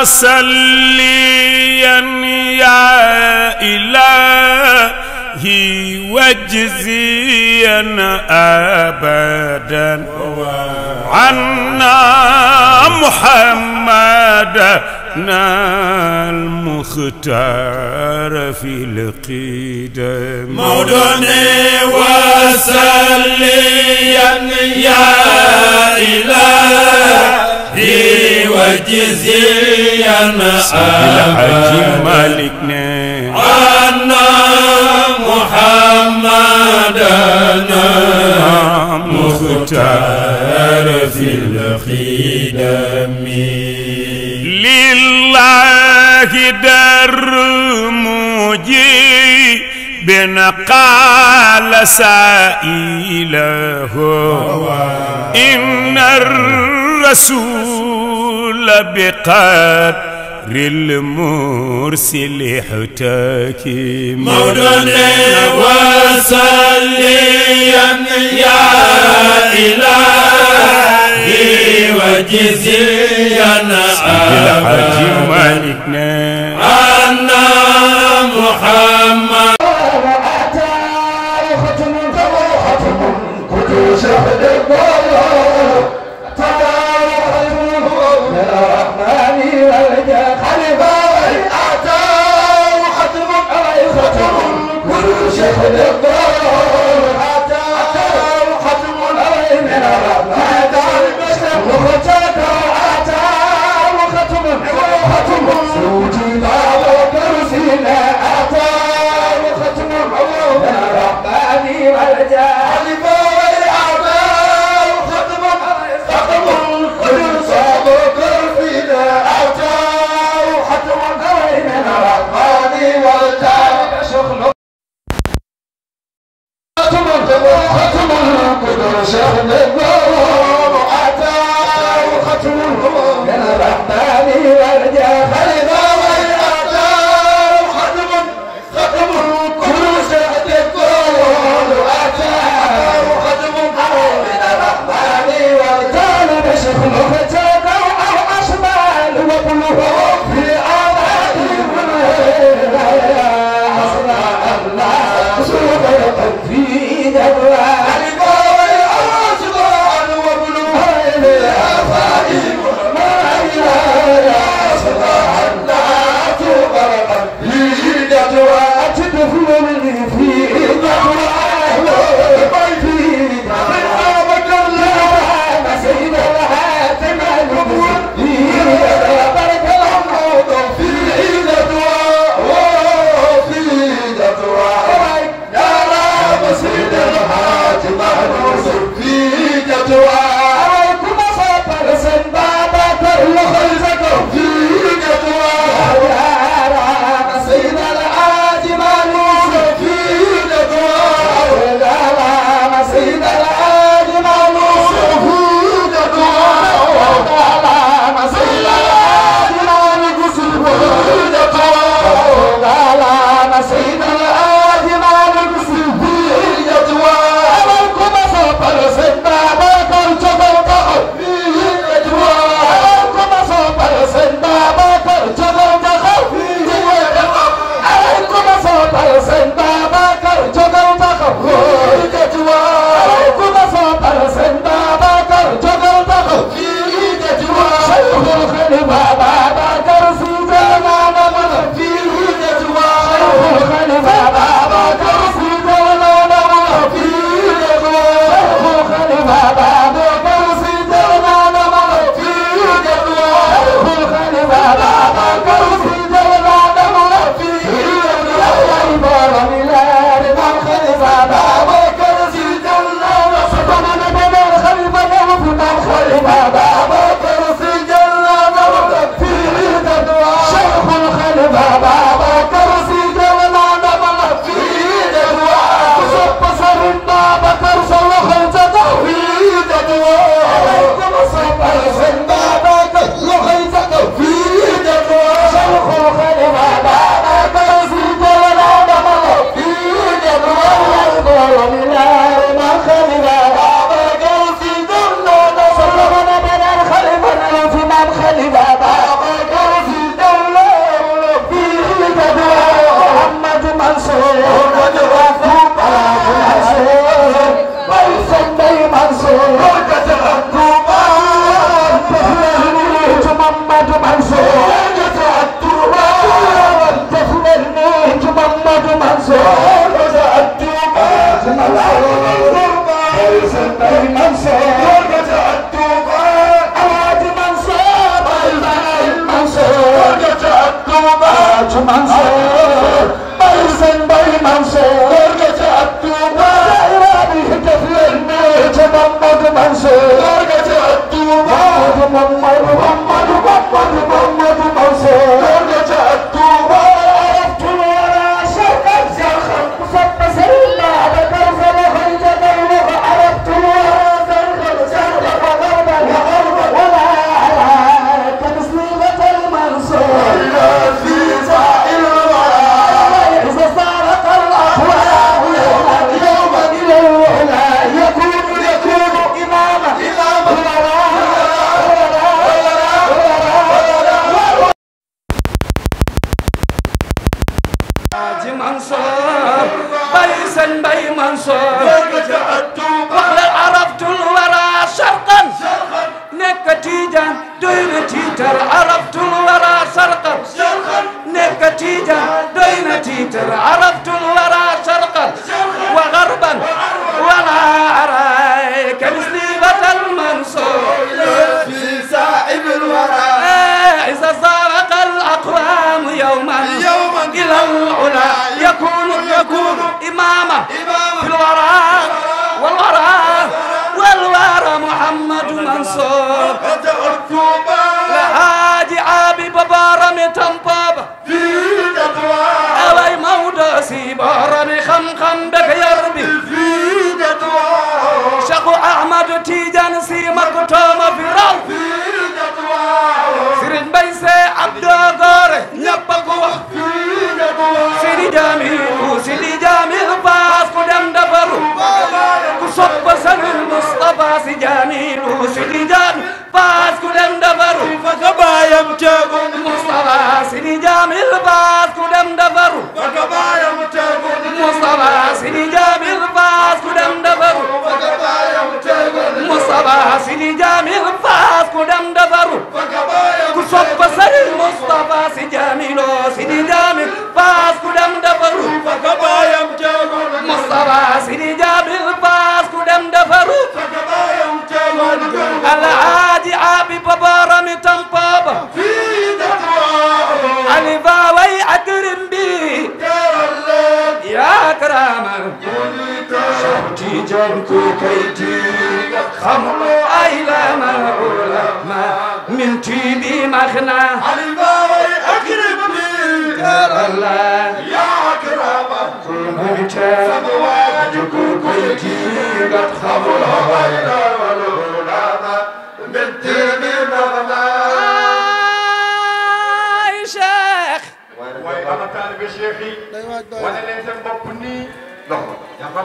متسليا يا إلهي وجزيا أبدا عنا محمد المختار في القدم مدني وسليا يا إلهي به وجزيا الحاج مالكنا عنا محمدنا مختار في الخدم لله در مجيب بن قال سائله إن الر الرسول بقدر المرسل حتاكي مولانا وصليا يا إلهي وجزيا بالحج مالكنا أنا محمد وأتى ختم قدوس تنهه اتا yourself Come on, come on.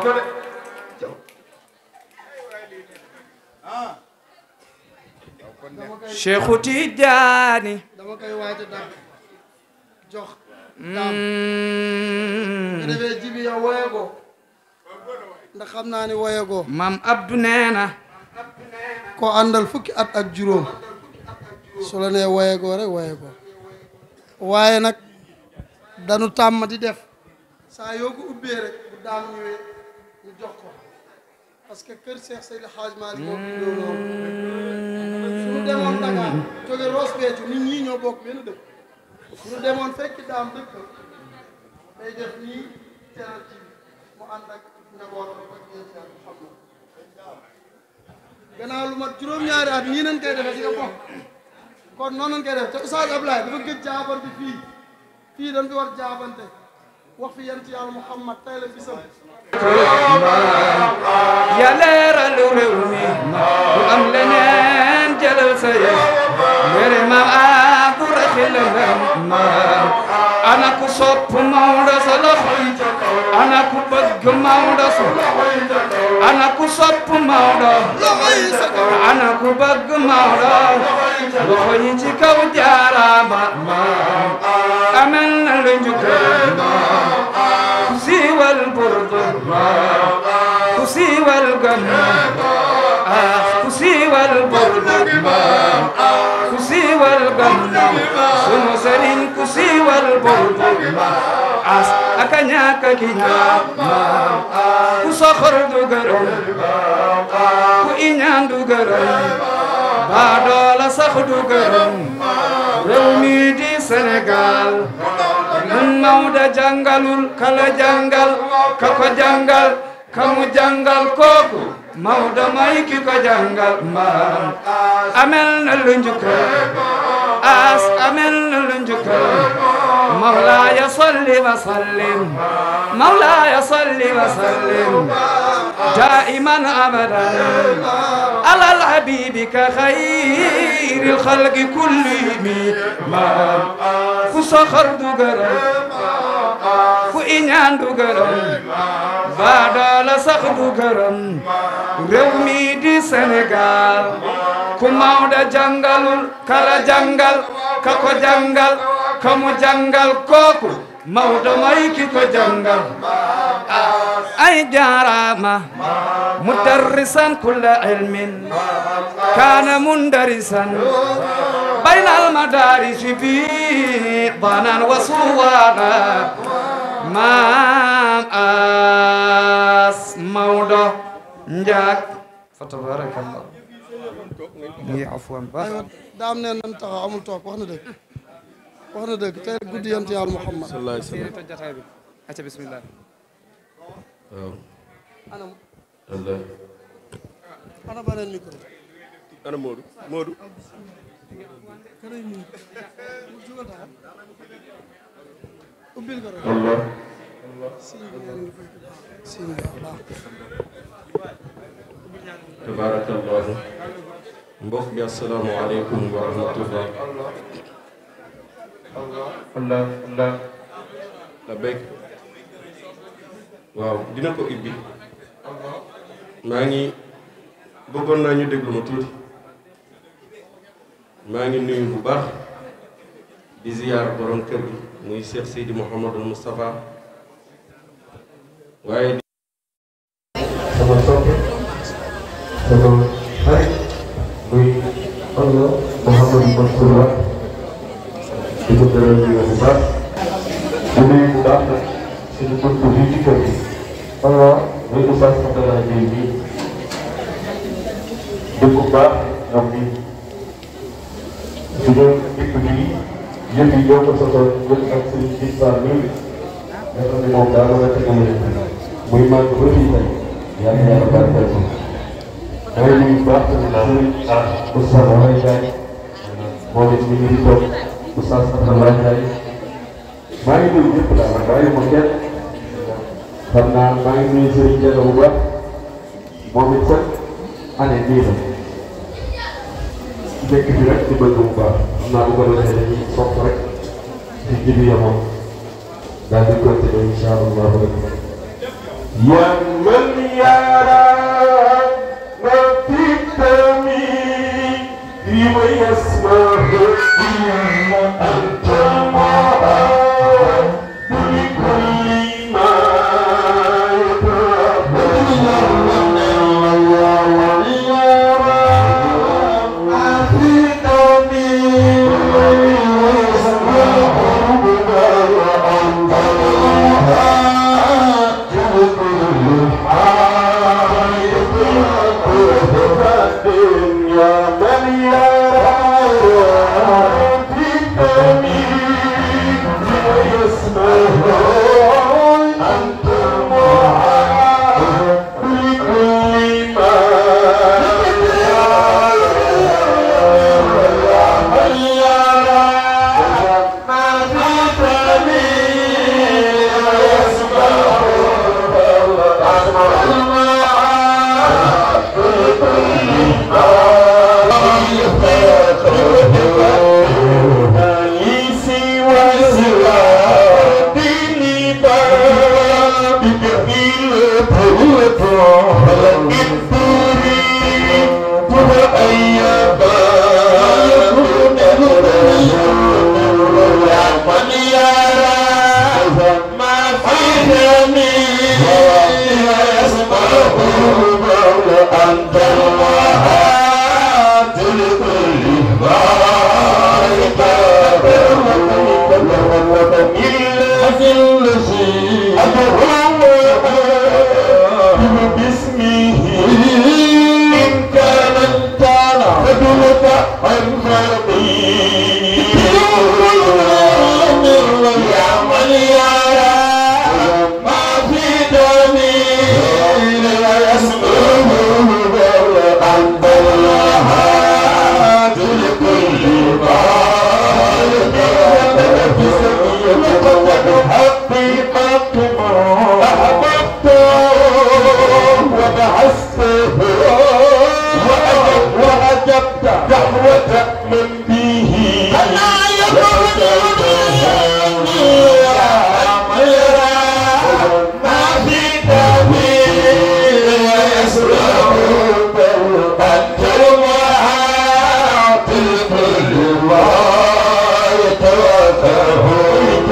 na de Cheikhu Tijaani dama jox hmm. ndax xam naa ni woyegoo maam Abdou nee na koo àndal fukki at ak juróom su la nee woyegoo rek woyegoo waaye nag danu tàmm di def saa yoo ko ubbee rek jox ko parce que kër Cheikh Seydi Hadj Malick moo hmm. bindoo loolu demoon Dakar jóge Ross Béthio nit ñi ñoo bokk benn dëkk suñu demoon fekk daam dëkk day def nii teral mu ànd ak njabootam ak yéen lu mat juróom-ñaari at nii nañ koy defee ci nga bokk kon noonu lañ koy def te Oustaz Ablaye dafa gëj jaabante fii fii dañ fi war jaabante wax fi yent yàlla Muhammad tey la bisam ya leeral réew mi bu am leneen jëlal sa yëf mere maam ah bu rafet la ndam ana ku sopp Maodo sa sa ana ku ci kaw jaaraama amel na lu njukkal والبرد كسي والقم كسي والبرد كسي والقم سنو سرين كسي والبرد as aka ñàkk a ki ñaan ku soxor du gërëm ku iñaan du gërëm ba doola sax du gërëm réew mi di Sénégal la jàngalul ka la jàngal ka ko jàngal ka mu jàngal kooku Maodo may ki ko jàngal amel na lu njukkal amel na lu njukkal mawlaaya salli wa sallim mawlaaya salli wa sallim daa'iman abadan alal habiibi ka xayril xalqi kullihim maam ku soxor du gërëm ku iñaan du gërëm baadoola sax du gërëm réew mi ku Maodo jàngalul kala jàngal ka ko jàngal ka mu jàngal kooku Maodo may ki ko jàngal ay jaaraama mudarrisan kulla ilmin kaana mundarisan bayna almadarisi bi banan wa suwaana maam as Maodo njaag fa tabarakallah muy afwan baax daam ne nan taxaw amul toog wax na dëgg wax na dëgg tey guddi yonent yàlla Muhammad sallallahu alayhi wasallam toj jataay bi acca bismillah waaw anam ana beneen micro ana Modou Modou ubbil ko rek tabarakallahu mbokk bi assalaamu aleykum wa la allah allah waaw dina ko ibbi maa ngi bëggoon naa ñu déglu ma maa ngi nuyu bu baax di ziyaar borom kër gi muy Cheikh Seydi Mouhamadul Moustapha waaye sama soppe sama xarit muy Allah Mouhamadou Mansour Wade di ko dalal nuyoo bu baax di nuyu bu baax nag suñu buntu fii ci kër gi Allah muy bu baax sax danaa ñëw nii di ko baax ñoom nii di doon dikk bii yëf yi ñoo ko sosoon ñun ak suñu gis-gis par mille nga xam ne moom daal la nga tegalee yang barka itu, woni barka la ta ustaz wai dai woni ni to ustaz wai dai mari mungkin karena mari sering jaga ubah mobil sen ane dia dia kira tiba ubah nak ubah software jadi ya mau dan dikontrol insyaallah yang mana يسمع الدين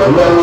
Amen.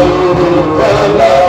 Lord,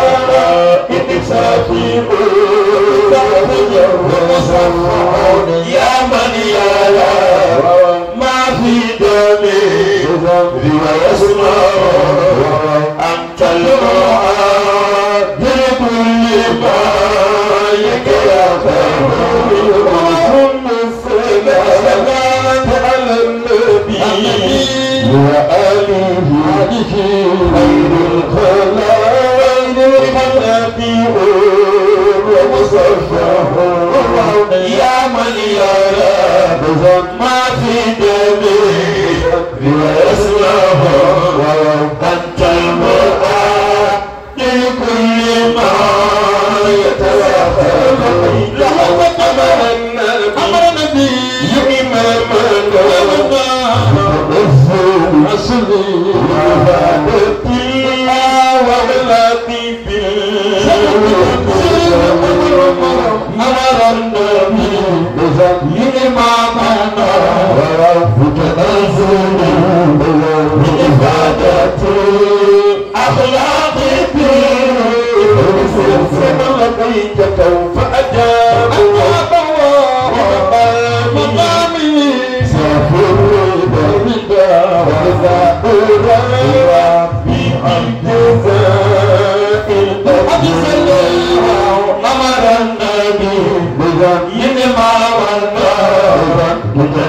Minimum. ربك مغفور بإفادة أخلاق الدين سلسلة لديك سوف أجاب أجاب مقامي سافر بعيدا وإذا أرى في الجزاء قد سليها أمر النبي بذنب ما والنار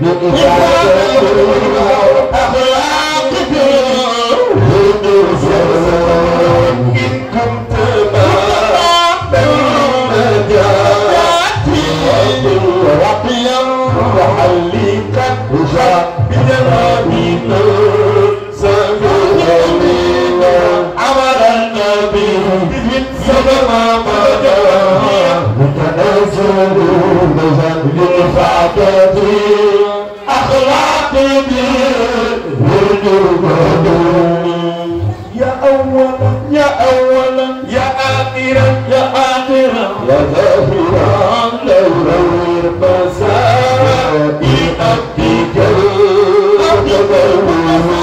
No, no, no, no, يا أولا يا أولا يا آخرا يا آخرا يا ظاهرا لو نور مسائي أبدك يا أولا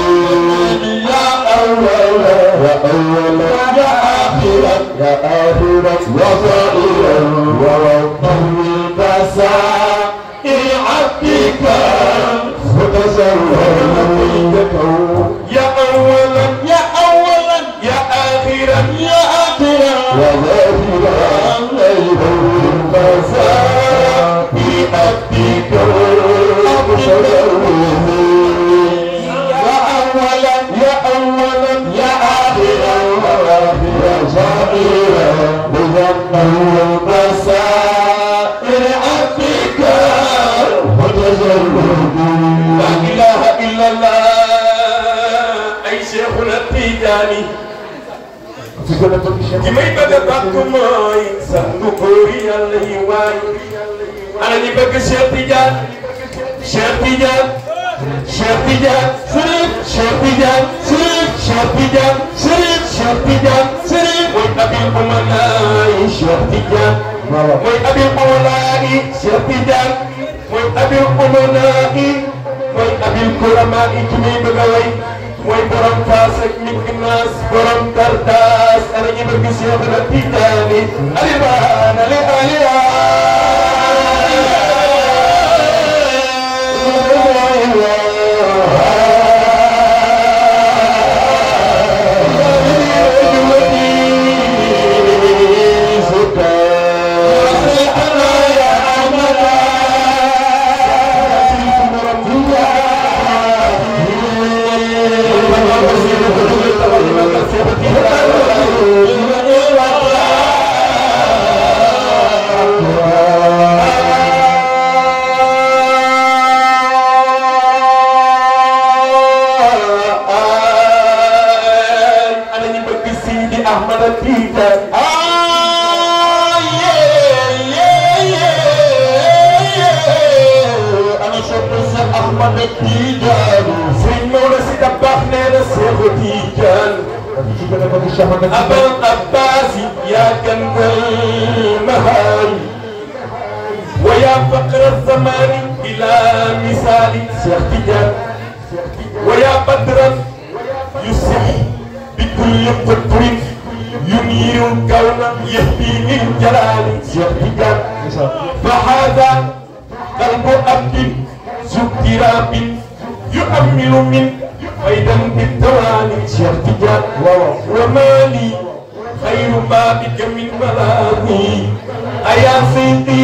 يا أولا يا آخرا يا آخرا li may bëgg a bàkk mooy sangu góor yàlla yi waay ana ñi bëgg Cheikh Tidiane Cheikh Tidiane Cheikh Tidiane Sëriñ Cheikh Tidiane Sëriñ Cheikh Tidiane Sëriñ Cheikh Tidiane Sëriñ mooy Habib Oumalaay Cheikh Tidiane mooy Habib Oumalaay Cheikh Tidiane mooy Habib Oumalaay mooy Habib Kouramaay ci may bëgg a way we borom faas ak Miknaas borom Dardaas ana ñu bëgg Cheikh na Tijaani alibaan ali aliyaan أبا العباس يا كنز المهار ويا فقر الزمان بلا مثال شيخ تجار ويا بدرا يسعي بكل قطر ينير كونا يهدي من جلال شيخ تجار فهذا قلب عبد ذكر يؤمل من way dem bi tawaali Cheikh Tidiane wa maali xayru baabika min balaami ayaa sayti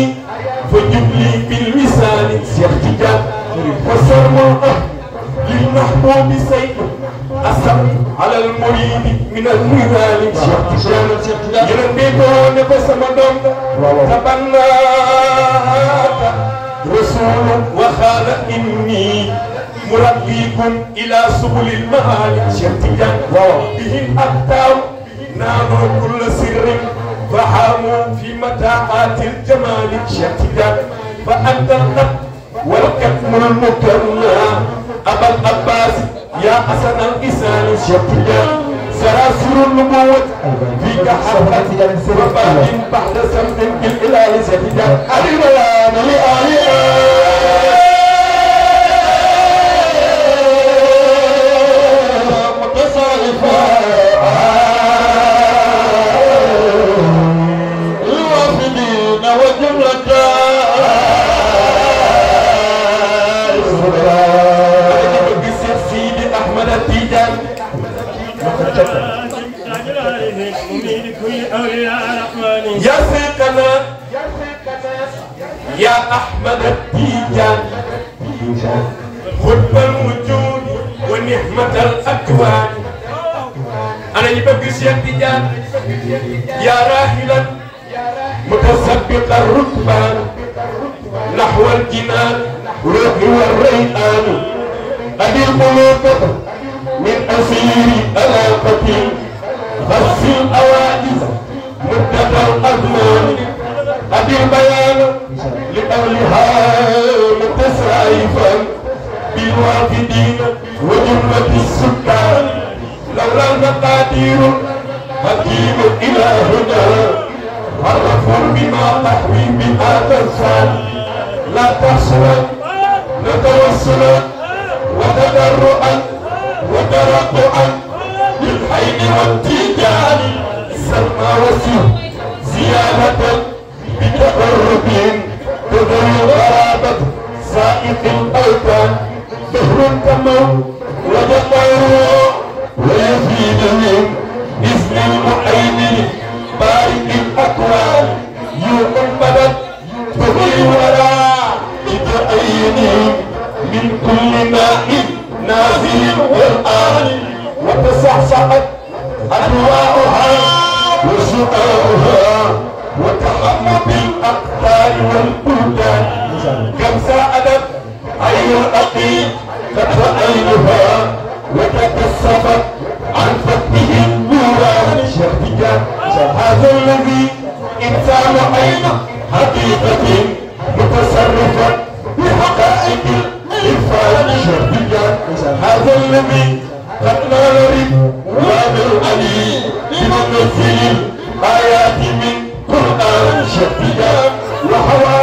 fa jubli bil wisaali Cheikh Tidiane wa sarmul ah lil mahbubi saytu asam ala al muridi min al miraali Cheikh Tidiane yéen a béykoon ne ko sama doom tabannaaka rasul waxaala inni مربيكم إلى سبل المعالي شتيا بهم أكتاب نانو كل سر فحاموا في متاعات الجمال شتيا فأنت النقد والكتم المكرم أبا العباس يا حسن الإنسان شتيا سراسر النبوة فيك حرقت وباب بعد سمت بالإله شتيا أريد يا نبي أريد يا أحمد التيجان خطب الوجود ونعمة الأكوان أنا يبقى سيد تيجان يا راحلا متسبق الركبان نحو الجنان روحي والريحان أدي القلوب من أسير ألاقتي غسل الأواجس مدة الأزمان أبي البيان لقولها متسعيفا بالوافدين وجملة السكان لولا المقادير حكيم إلهنا عرفوا بما تحوي بما تنسان لا تحسنا نتوسلا وتدرعا وترقعا للحين والتيجان سلمى وسيم زيادة بتقرب تدعو غرابة سائق الأوطان دهر كمو وجمعوا ويزيد من باسم المحيمن بارك الأكوان يوم بدت تهي ولا بتأينهم من كل ماء نازل والآن وتصحصحت أنواعها وشعاعها وتغنى بالاقطار والبلدان كم ساعدت عين الاقيم خطر عينها وتكسفت عن فتحهم نورا شهدك هذا الذي انسان عين حقيقه متصرفه بحقائق الانسان شهدك هذا الذي قد نال رضوان العلي بمنزل الايات من قرآن شديدا وهوى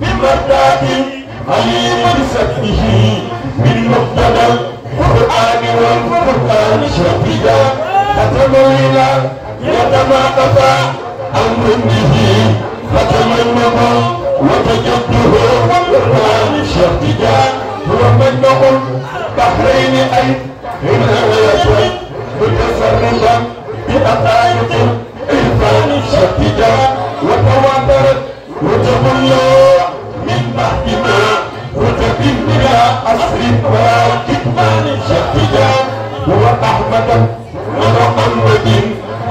بمرداد عليم بسكته من مقتضى القرآن والقرآن شديدا ختم إلى يتما قطع أمر به فتمنه وتجده القرآن شديدا هو من نقل بحرين أي هنا ويسر متصرفا بأقايد أذهان شتتة وتواترت وجه الله من بحثنا وجب بلا أسر وكتمان شتتة وأحمد ومحمد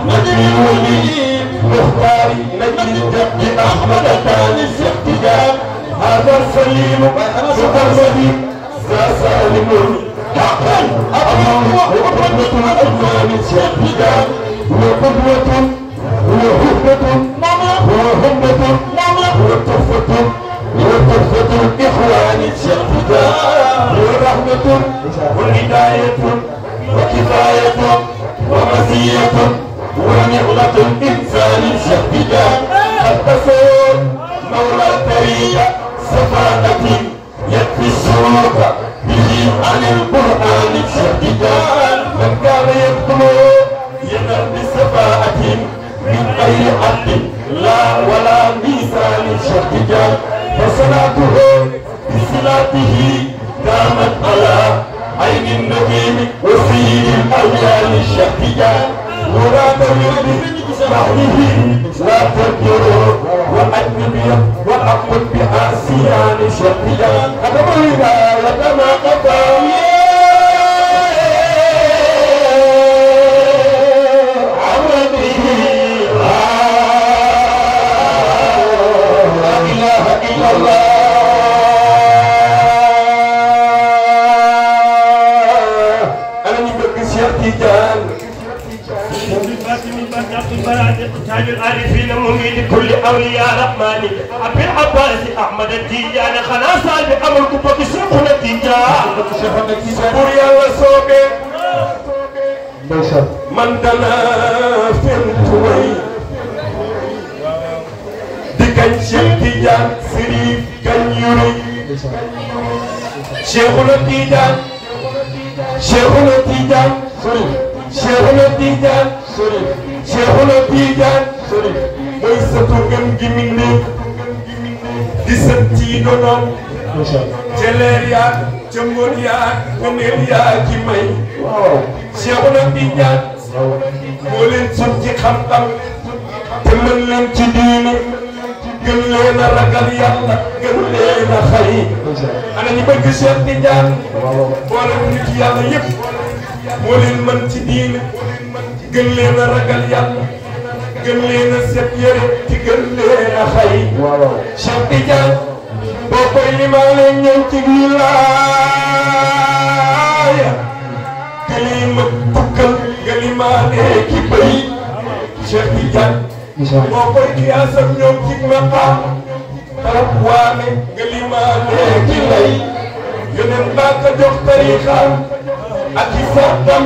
نجري ولي مختار نجري الجد أحمد ثاني شتتة هذا السليم محمد ذا سالم حقا أبو الله وقدوة الأمان شتتة وقدوة وهمة وهمة وتحفة وتحفة إخواني الشرفدا ورحمة وهداية وكفاية ومزية ونعمة إنسان شرفدا التصور مولى البرية سفاءة يكفي الشروط به عن القرآن شديدا من كان يطلب ينال بسفاءة من أي حد لا ولا ميزان شرط جار فصلاته بصلاته دامت على عين النبي وسيد الأليان الشرط جار مراد الرب بعده لا تنكروا وأجنبي وأقل بها سيان شرط جار هذا ما قضى عن العارفين المؤمن كل أولياء يا رحمن ابي العباس احمد التيجان خلاص أبي أمر كبك شيخنا نتيجة سبوريا يا وسوبي من دنا فنت وي دكان شيخ تيجان سريف كان يوري شيخنا التيجان شيخنا التيجان شيخنا التيجان Cheikhuna Tiijaan mooy sëtu ngëm gi mindéef di sët ci donoom ca leer yaa ca mbóot yaa ngëneel yaa ci may Cheikhuna Tiijaan moo leen sut ci xam-xam te mën leen ci diine gën leen a ragal yàlla gën leen a ana ñu bëgg Cheikh Tiijaan boole nit moo leen mën ci diine gën leen a ragal yàlla gën leen a set yëre ci gën leen a xay Cheikh Tidiane boo koy limaale ñëw ci wilaaya kalima tukkal nga limaale ki bëy Cheikh Tidiane boo koy kiyaasam ñoom ci maqaam tarab waane nga limaale ki lay yeneen baa ko jox tariixaam ak i sàttam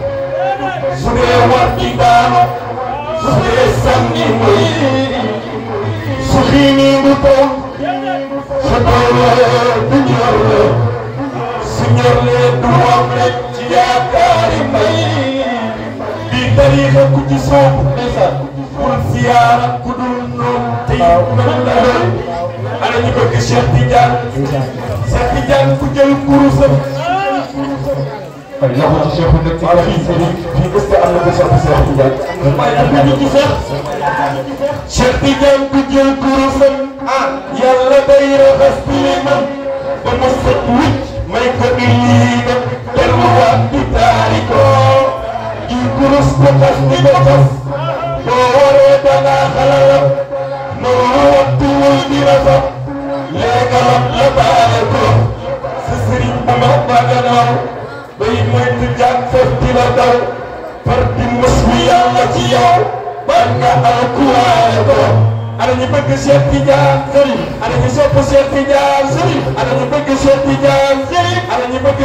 su dee war di daanu su dee sànni mooy su xiini bu ko su doole du ñor la su ñor lee du am rek ci yaakaari mbay bi tariixa ku ci soobu pour siyaara ku dul noonu tey mel na doy ana ñu bëgg Cheikh Tidiane Cheikh Tidiane ku jël kurusam له شيخ في في استعانة بشر بشر تجان شيخ تجان بجل كروسم يلا دايرة غسلنا بمسك ويت ما يكملنا الوقت بتاريكو يكروس بقص بقص دوري بلا خلل نور طول دراسة لا قلب لا بالكو سسرين بمحبة جناو bay moytu jàng far di la far di mës bu yàlla ci yow nga alkuwaale ko ana ñu bëgg Cheikh Tidiane Chérif ana ñu sopp Cheikh Tidiane Chérif ana ñu bëgg Cheikh Tidiane Chérif ana ñu bëgg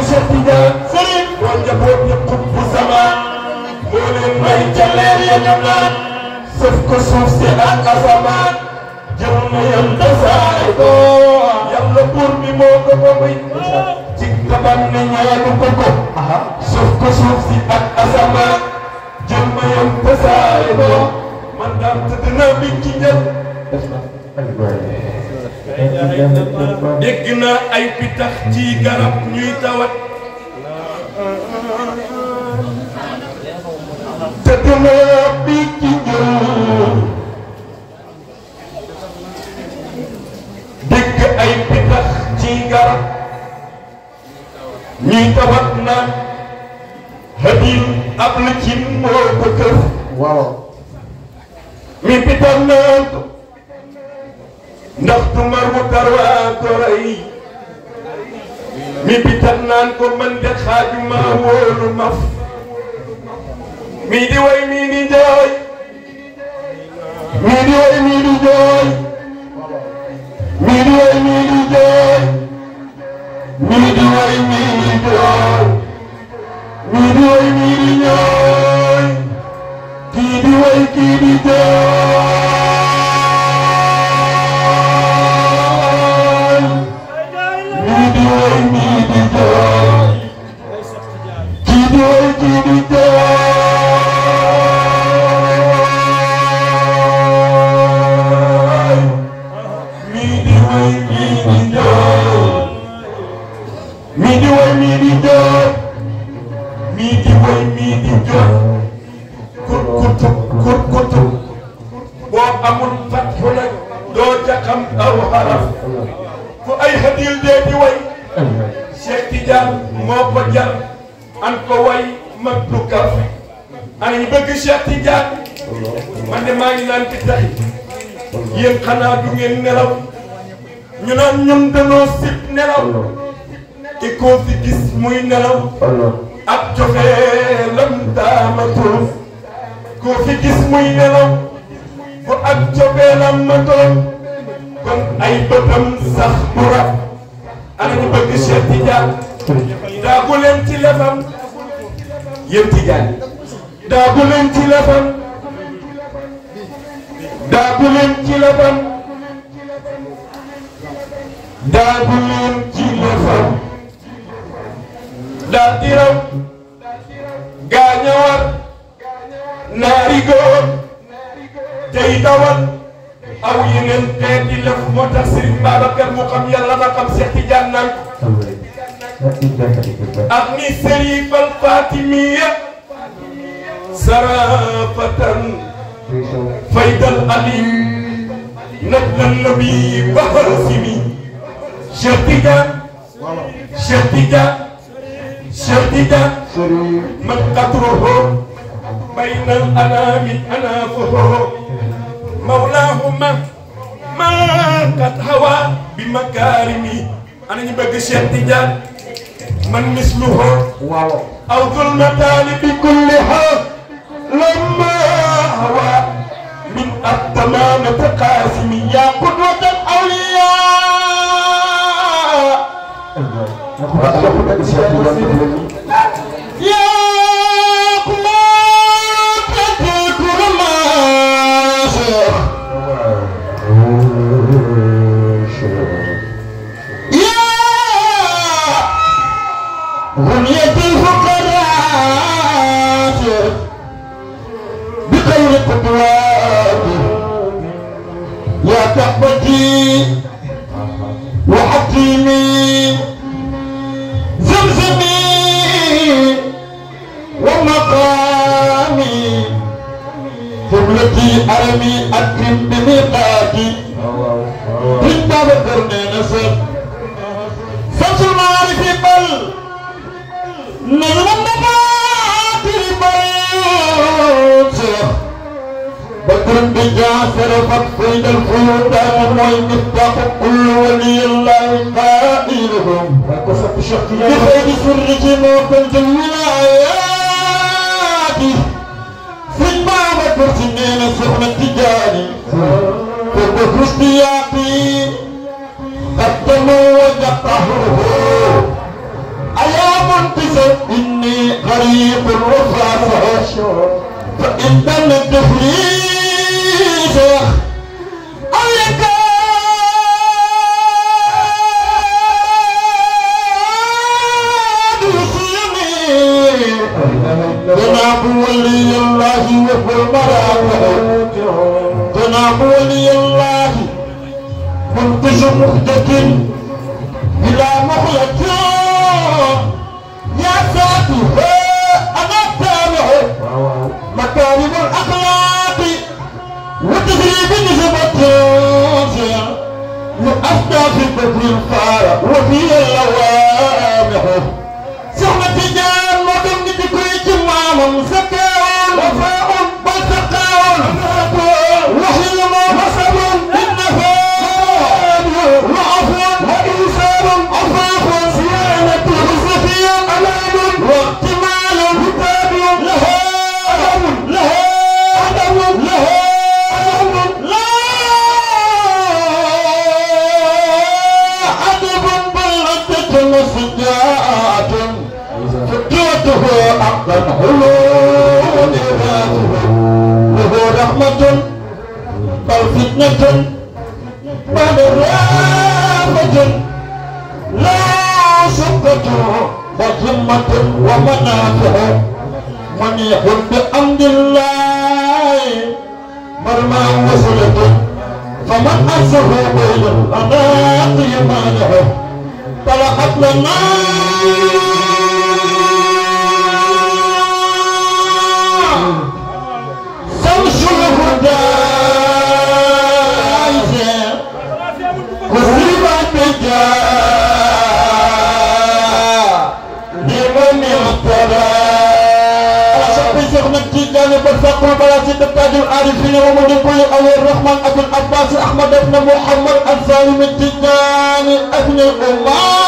Cheikh may ca leer ya ñam naan sëf ko suuf si ak asamaan jëm na yam dasaay buur bi moo ko ko may te daan ne ñaanu ko ko. ko suuf si ak asamaan. jël ma yem tasaare ko. man daal te dina mi ci njël. ay pitax ci garab ñuy tawat. te dina mi ci njël. ay pitax ci garab. ñuy tawat na hadim ab la ci moo ko këf waaw mi pitan noon ndax du mar mu tarwaa ko rey mi pitan naan mi di way mi di jooy mi di way mi di jooy mi di way mi di jooy mi di way jaar ñii di way ñii di ñooy kii di way kii di jooy am aw xaraf fu ay xadil dee di way Cheikh Tidiane moo ko jar an ko way mag du kaf ay bëgg Cheikh Tidiane man de maa ngi naan ci tay yéen xanaa du ngeen nelaw ñu naan ñun danoo sib nelaw ki koo gis muy nelaw ak joxee lam daama tuuf koo gis muy nelaw bu ak joxee ma tuuf ay bëtam sax mu rab ana ñu bëgg Cheikh Tidiane daagu leen ci lefam yéen Tidiane daagu leen ci lefam daagu leen ci lefam daagu leen ci lefam daa diram gaa ñawar naari góor tey dawal aw yeneen xeeti lëf moo tax Serigne Babacar mu xam yàlla nga xam Cheikh Tidiane naan ak ni Serigne Bal Fatimiya sarafatan faydal alim nabla nabi bahar simi Cheikh Tidiane Cheikh Tidiane Cheikh Tidiane man qatruhu bayna al anami ana fuhu mawlaahuma maa kat hawa bi makaarimi ana ñu bëgg Cheikh Tidiane man misluhu waaw aw zulmataani bi kulliha lamma hawa min attamaamata qaasimi yaa qudwatal awliyaa وحكيمي زمزمي ومقامي جملتي أرمي أكرم بميقاتي بنت بكرني نصر شمس المعارف بل نظم المقاتل بل بدر بجاسر فقيد الخلود موي مفتاح كل ولي الله قائلهم وكفت شقيا بخير سرك موقف الولايات سن بابا كرسنين سخن التجاري كتب اشتياقي قدموا وجطهوه أيا منتصر إني غريب الوفاة فإن الدفرين الشيخ أولك جناب ولي الله وهو المرأة جناب ولي الله منتج مهدة بلا مهلة يا ساتي أنا التابع مكارم الأخلاق وتغيب نظمة رازية وأفنى في البدر الفارة وفي اللوامح سحمة جان مدن تكوي جمعهم سكان وهو حق الخلود ذاته وهو رحمة بل فتنة بل رافة لا شقة وذمة ومنافع منيح بأمر الله مرمى وسلة فمن أسره بين الأناقي ماله طلقت لنا فقر بلاتي بتاج العارفين ومن كل أبي الرحمن أبو العباس أحمد بن محمد الظالم التجاني ابن الأمة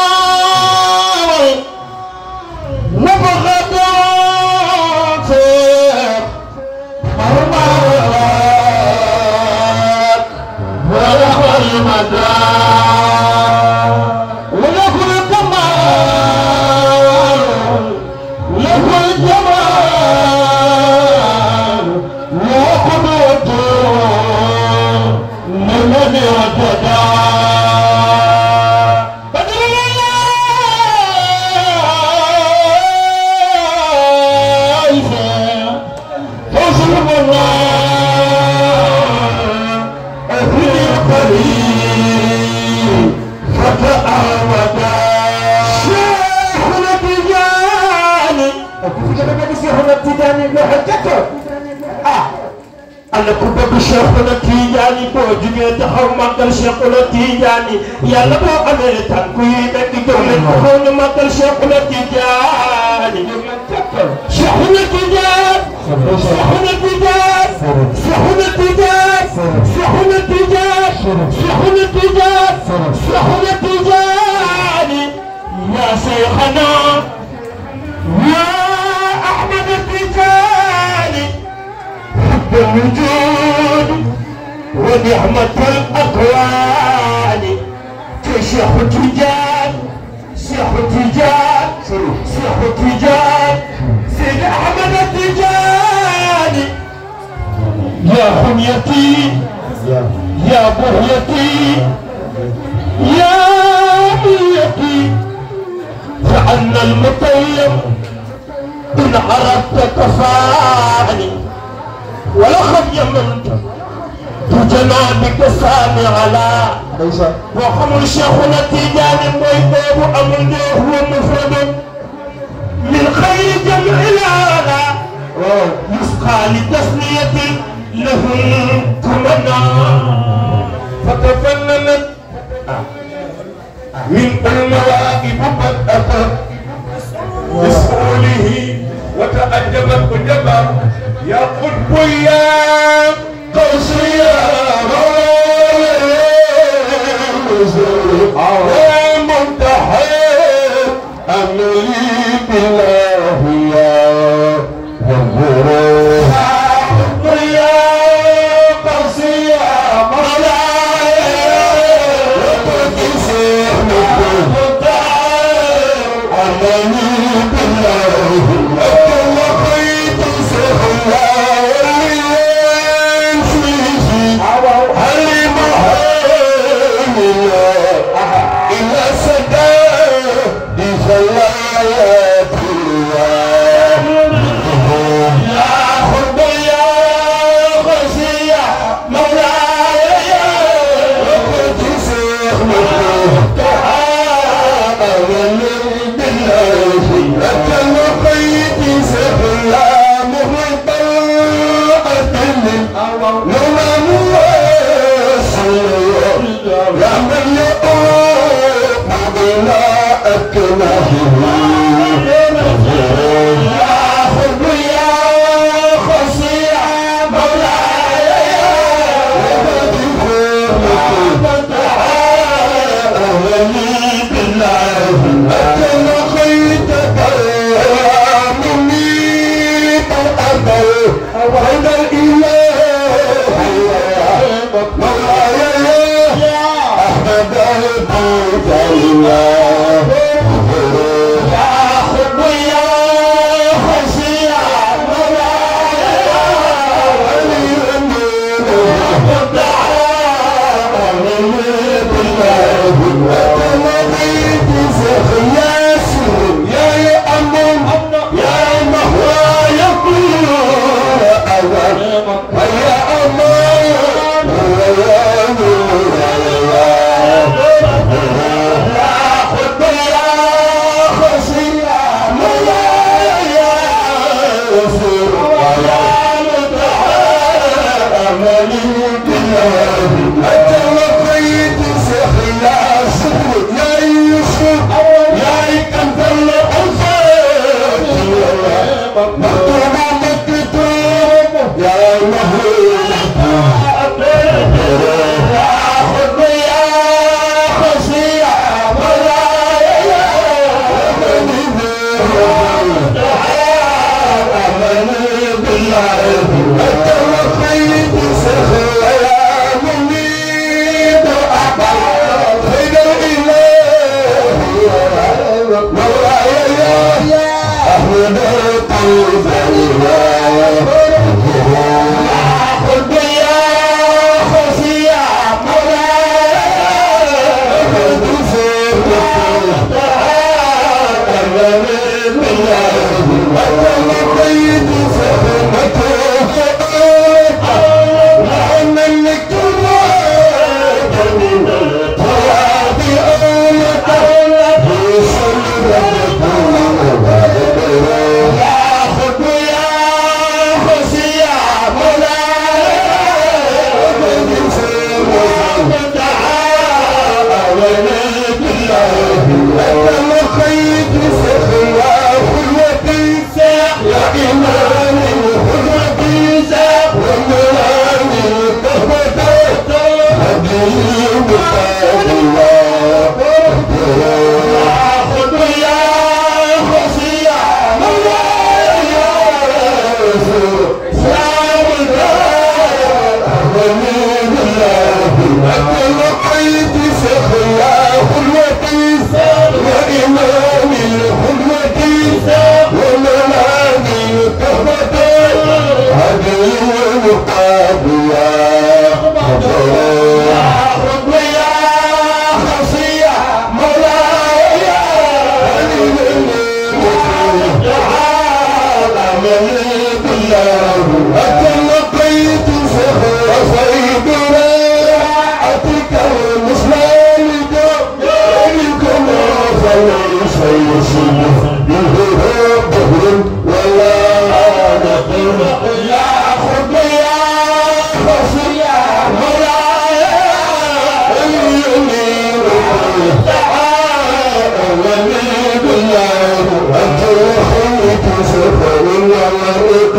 Oh.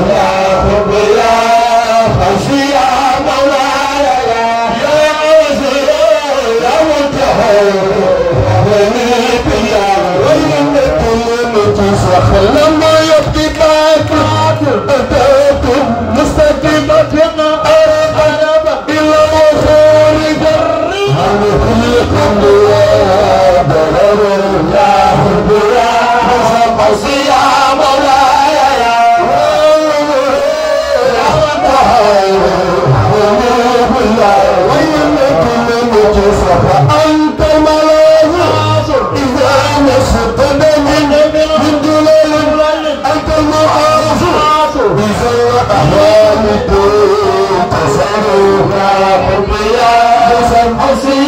Yeah. ¡Sí!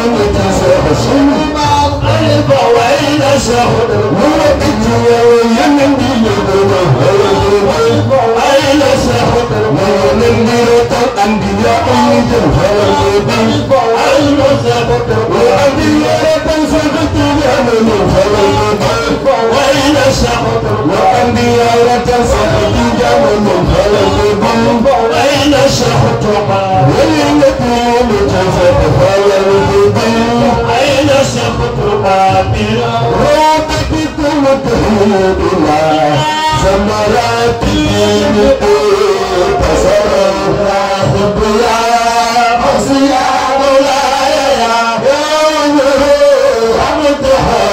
ثم قلب وين سخر وقت ويمني لبنه وين سخر ويمني الأنبياء يدفع المسخر وأنبياء تنسخت يمني والأنبياء تنسخ جمل فيغلب أين شحت والتي لتنسخ فيغلب أين شحت رابط تمتهدنا ثمرات تصر الراحب يا أصيا مولاي يا يوم حمدها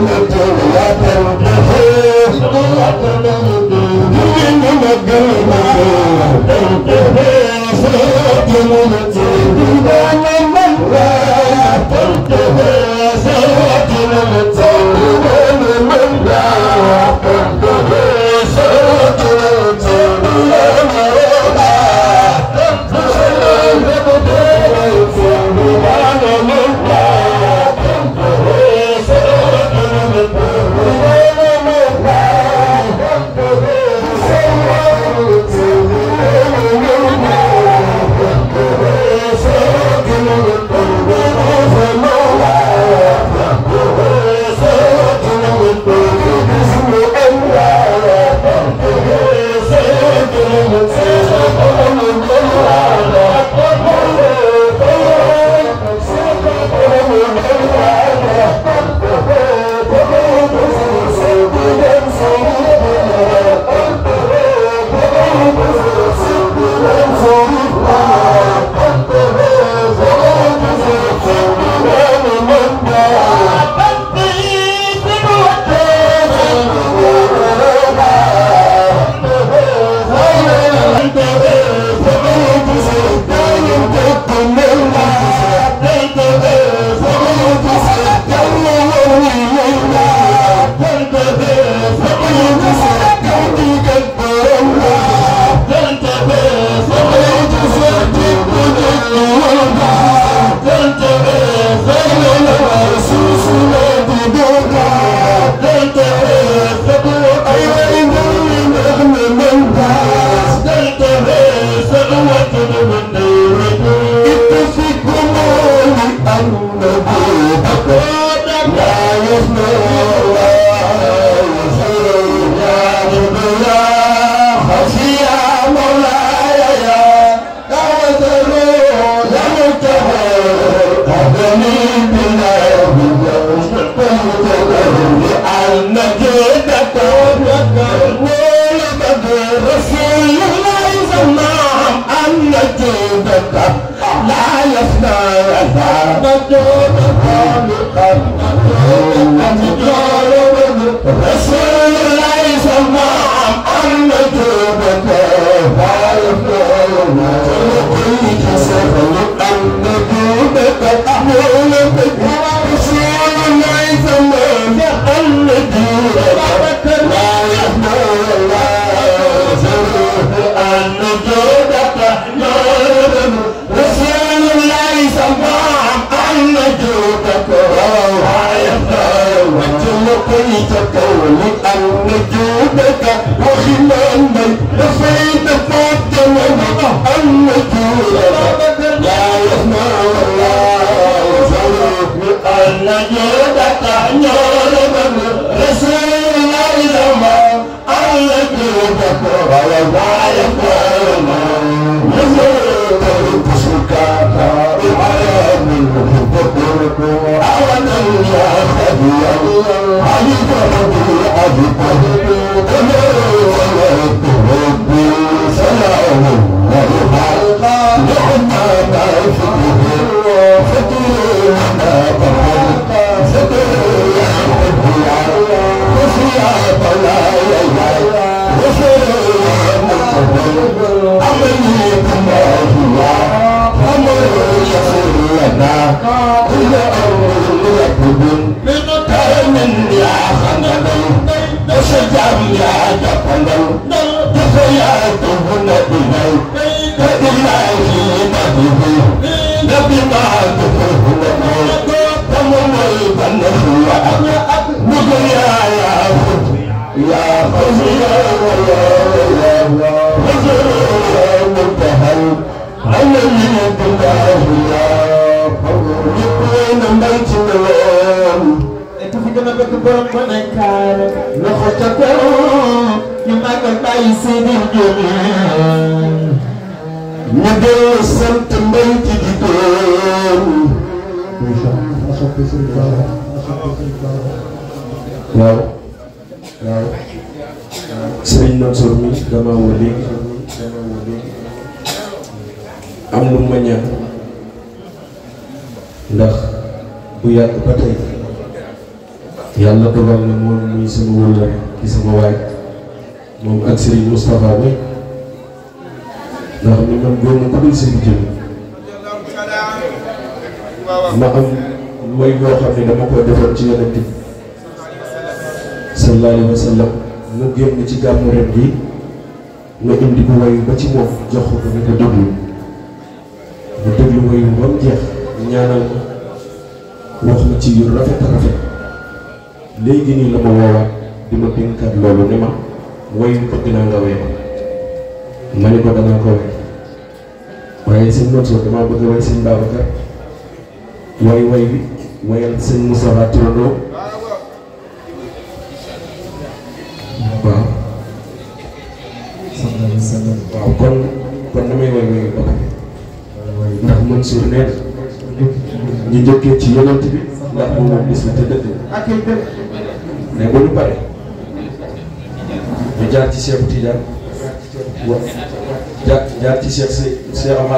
Thank you.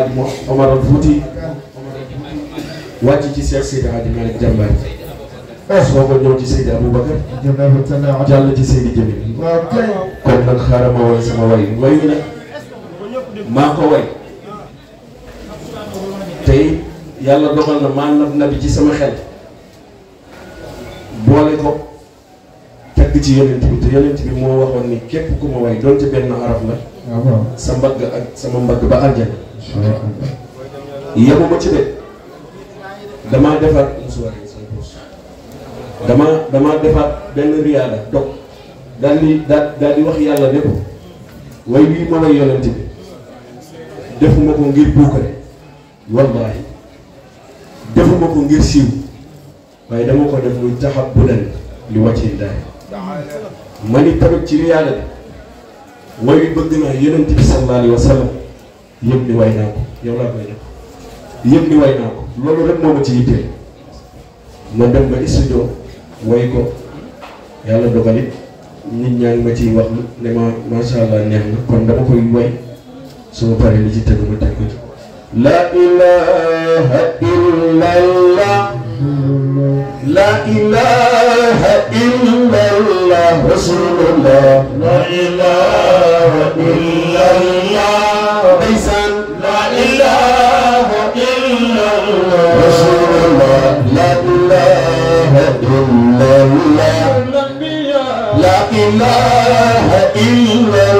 Hadj Mo Omar wàcc ci Cheikh Seydi Hadj Malick jàmbaar eh. ci Seydi Aboubacar jàll ci Seydi nag xaaral ma way sama way maa ko way tey yàlla dogal na maa nab nabi ci sama xel boole ko tagg ci yonent bi te yonent bi moo waxoon ni képp ku ma way doonte benn araf la ah, sa mbagg ak sama mbagg ba àjjana yemu ma ci damaa defar une soirée say bourse damaa defar benn riyaada dog daal di daal di wax yàlla ne ko way lii ma lay yonent bi defuma ko ngir buukare wallaahi defuma ko ngir siiw waaye dama ko def muy taxab bu len li wàccee daay ma ni tamit ci riyaada bi wayu bëgg naa yonent bi sallallahu alayhi yëpp ni way naa ko yow laa koy jox yëpp ni way naa ko loolu rek moo ma ci yitteel ma dem ba studio way ko yàlla dogalit nit ñaa ngi ma ciy wax ne ma macha allah neex na kon dama koy way su ma paree li ci ma teg ko ci la ilaha illallah la ilaha إله إلا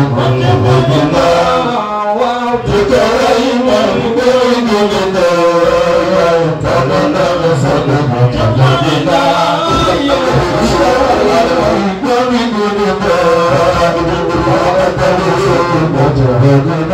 محمد محمد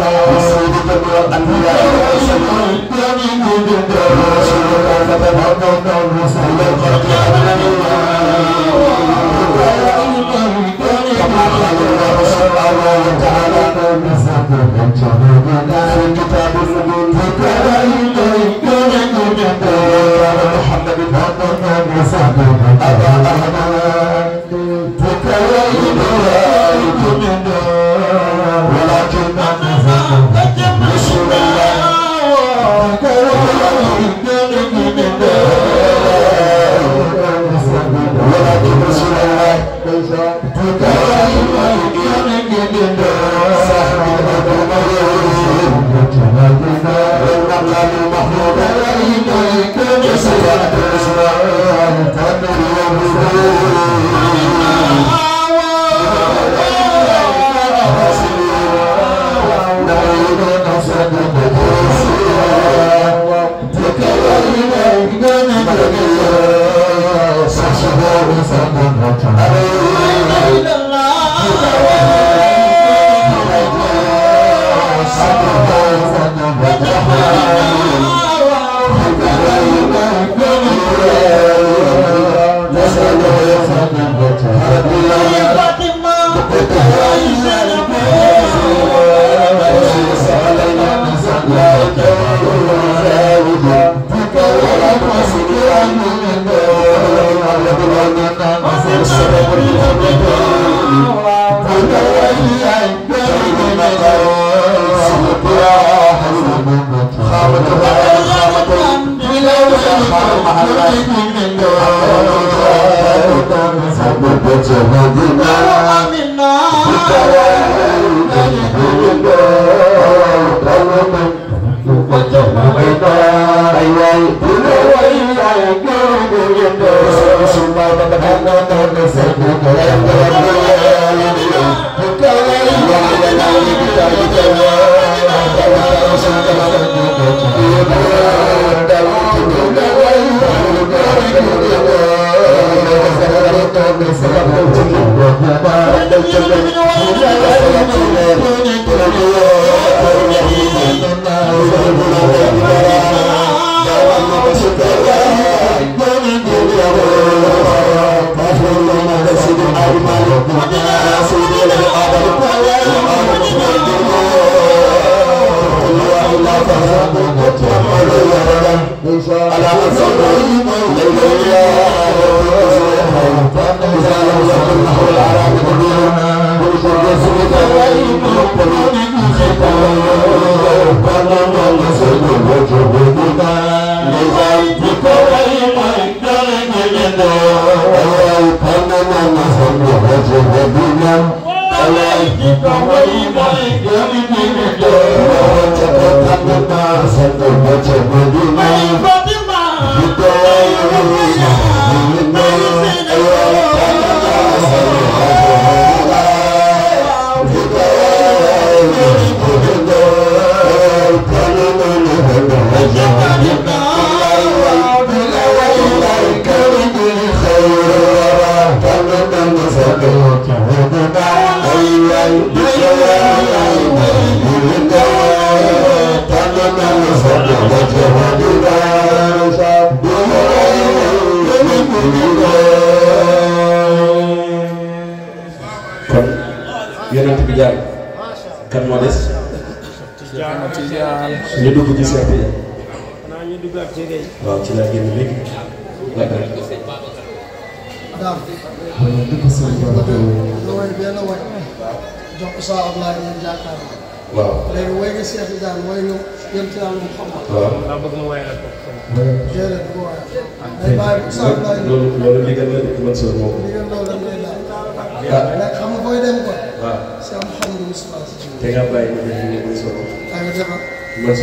محمد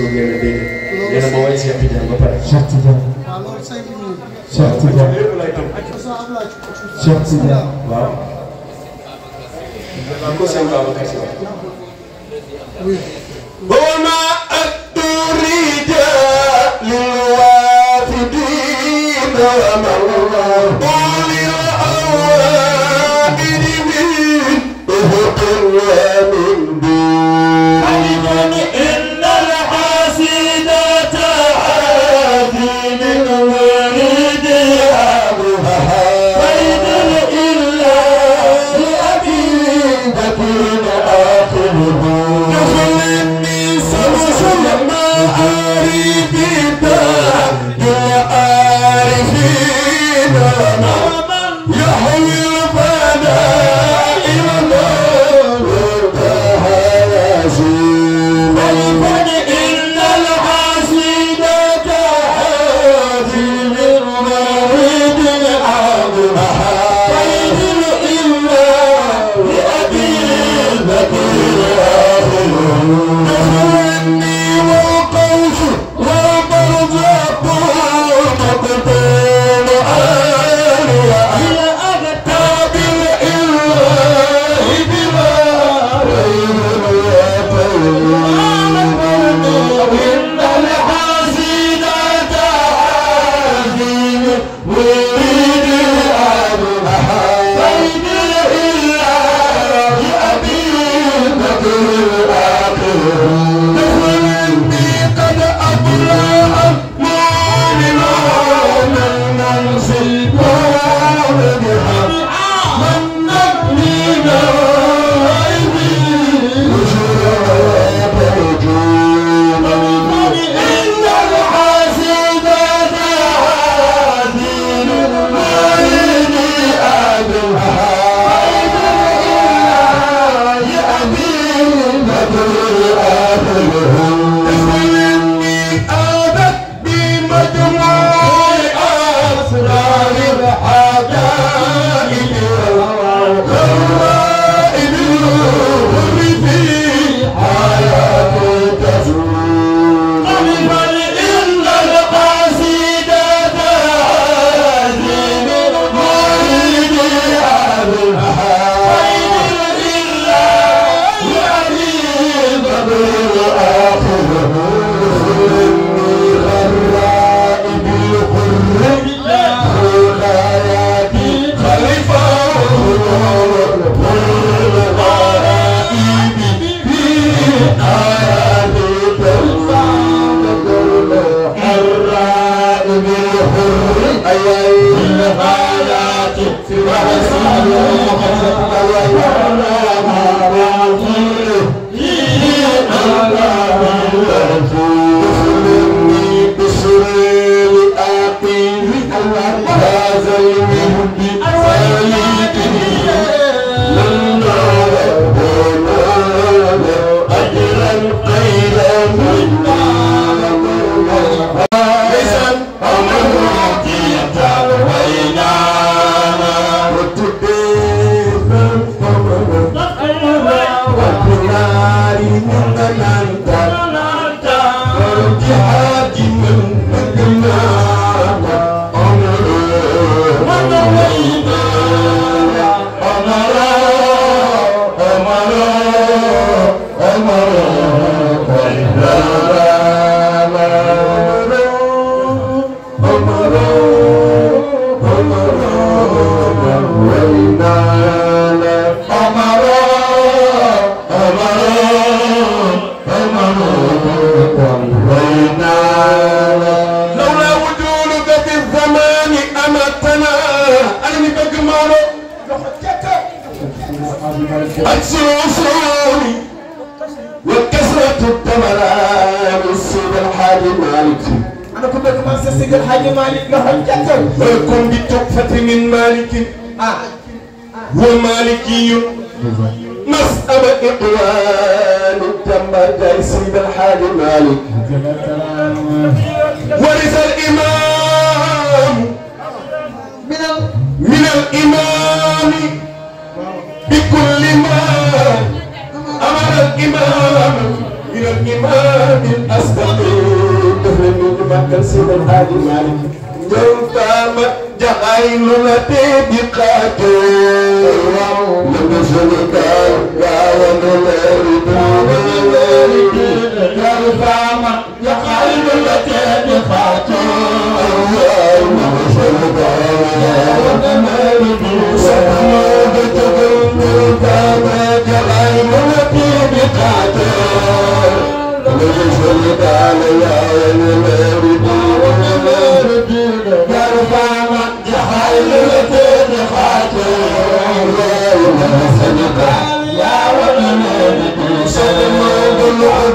Jesús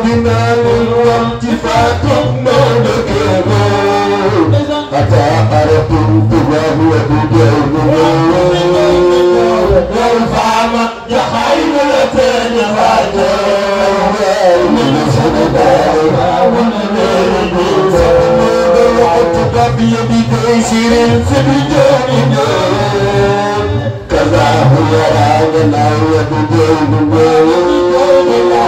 بلال الوقت فاتم مولك حتى أردت وهو بدين وارفع مقدح عينتين هاجر من سندائها والغير وعتب بيديسر في بجانب كذا هو راغنا وبدين وارفع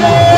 Yeah.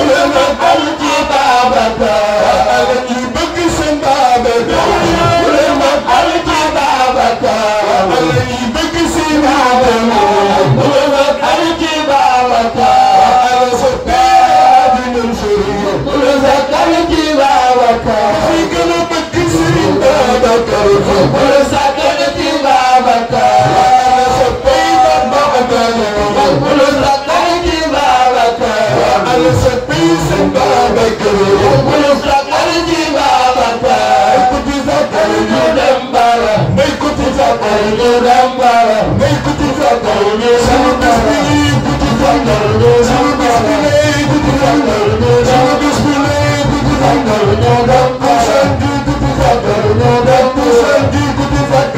Hallelujah.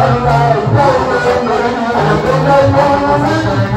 I'm Oh,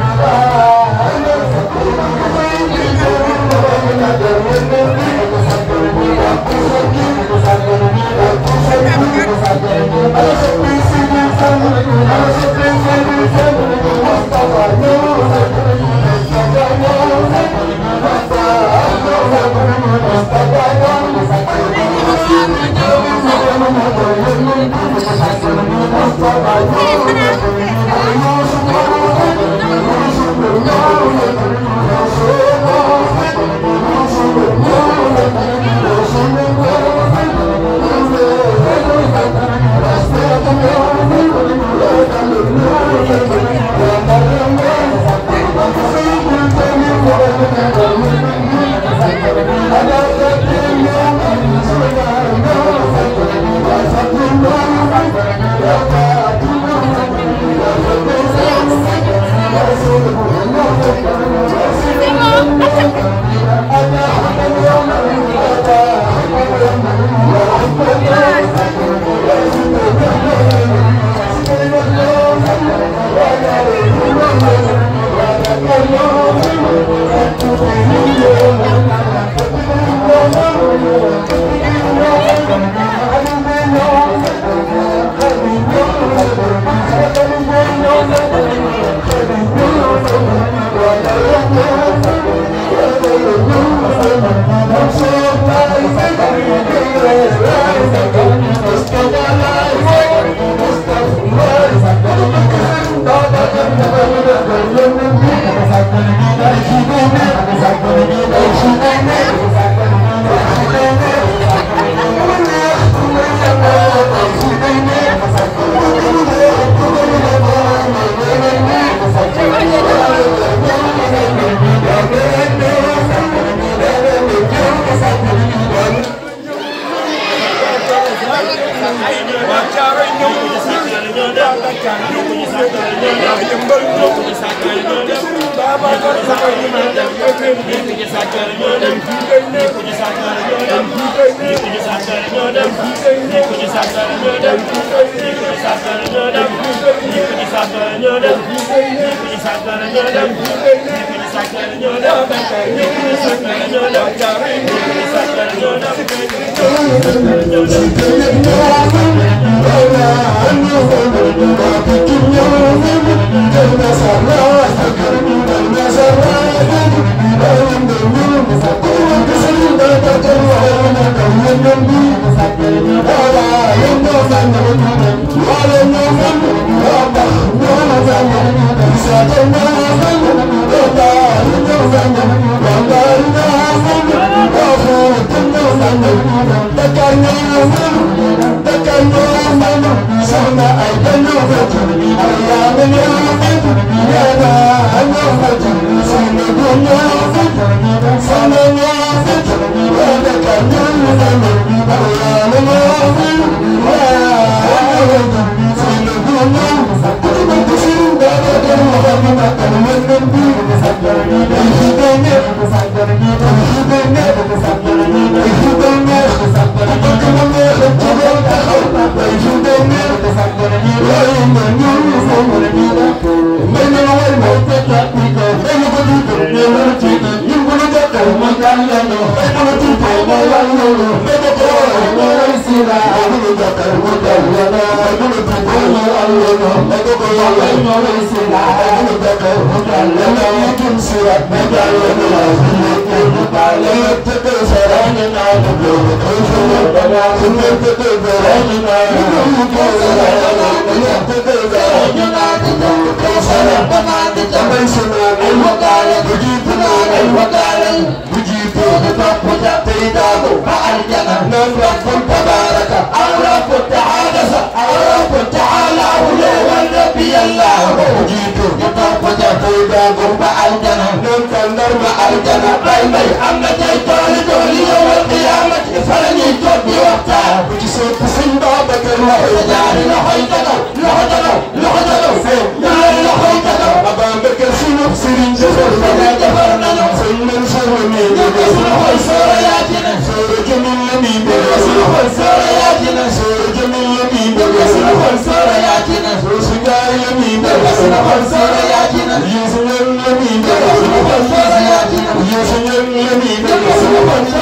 ojitu yata kwaja toida gurba aljana nun kandar ma aljana bai mai amma tai toli toli yawal qiyamat ifalani tobi waqta kujisu kusin baba karma yadari la haydana la haydana la haydana fe yari la haydana aban bakar sunu sirin jafar fada jafar nanu sunnan sharri min yadasna hoy surayatina surajin min nabi yadasna hoy surayatina surajin Yes,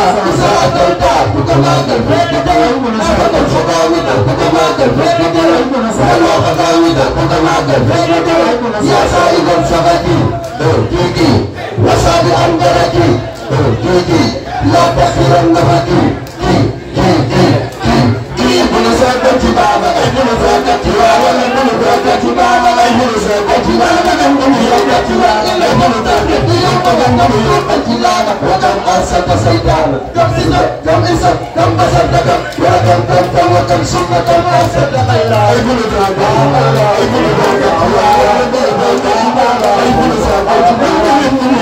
إساءة الدار تتماكل في القتل أخذ الخداوي تتماكل في القتل سلوى خداوي تتماكل في القتل يا سائد الشغدي ارجوكي وسابع درجي ارجوكي لا تخيرن بكي كي كي zakati baba ai muna zakati baba ai muna zakati baba ai muna zakati baba ai muna zakati baba ai muna zakati baba ai muna zakati baba wadan asaka saidana kam isa kam isa kam asadaka wadan kam wadan sunna kam asada khaira ai muna zakati baba ai muna zakati baba ai muna zakati baba ai muna zakati baba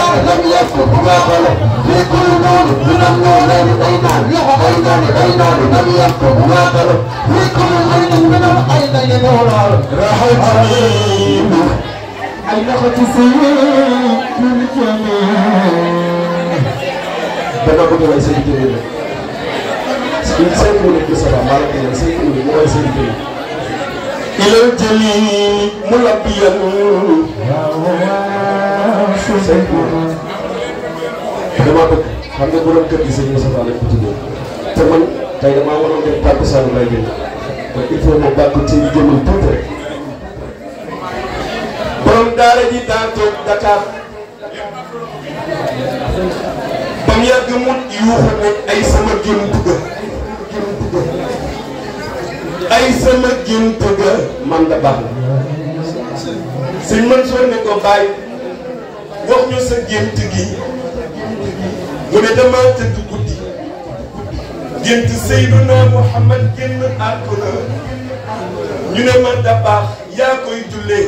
لم يكن هما خلق في كل نور من النورين عينان عينان عينان لم يكن هما خلق في كل عين من العينين نوران رحيم رحيم علقت سيد الجميع dama bëgg way seen jëriñ la suñ seen mënul bi sama maa ngi leen seen mënul mu way seen jëriñ ilal jëli mu la biyal dama bëgg xam nga borom kër gi sëñ Moustapha lañ ko tuddee te man tey damaa waroon dem tàggu saa yu may génn kon il faut ma bàkk ci jëmul tuuti rek borom daara ji daa toog Dakar ba mu yàgg mu yuuxu ne ay sama jën dugga ay sama jën dugga man da baax la sëñ Mansour ne ko wax ñu sa gént gi mu ne dama tëdd guddi gént Seyduna Muhammad génn àdduna ñu ne ma dabaax yaa koy jullee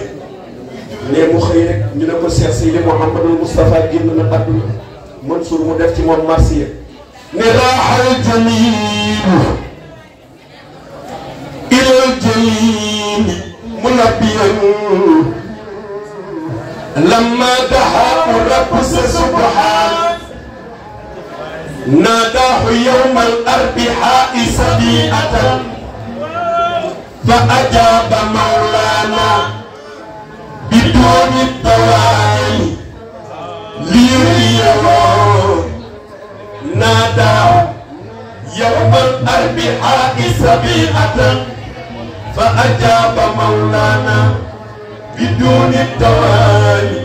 nee mu xëy rek ñu ne ko Cheikh Seydi Mouhamadou Moustapha génn na àdduna Mansour mu def ci moom marsiya ne raaxal jamiilu ilal jamiili munabbiyan لما دعاه رب سبحان ناداه يوم الأرب حائس بيئة فأجاب مولانا بدون الدواعي ليريه ناداه يوم الأرب حائس بيئة فأجاب مولانا بدون التوالي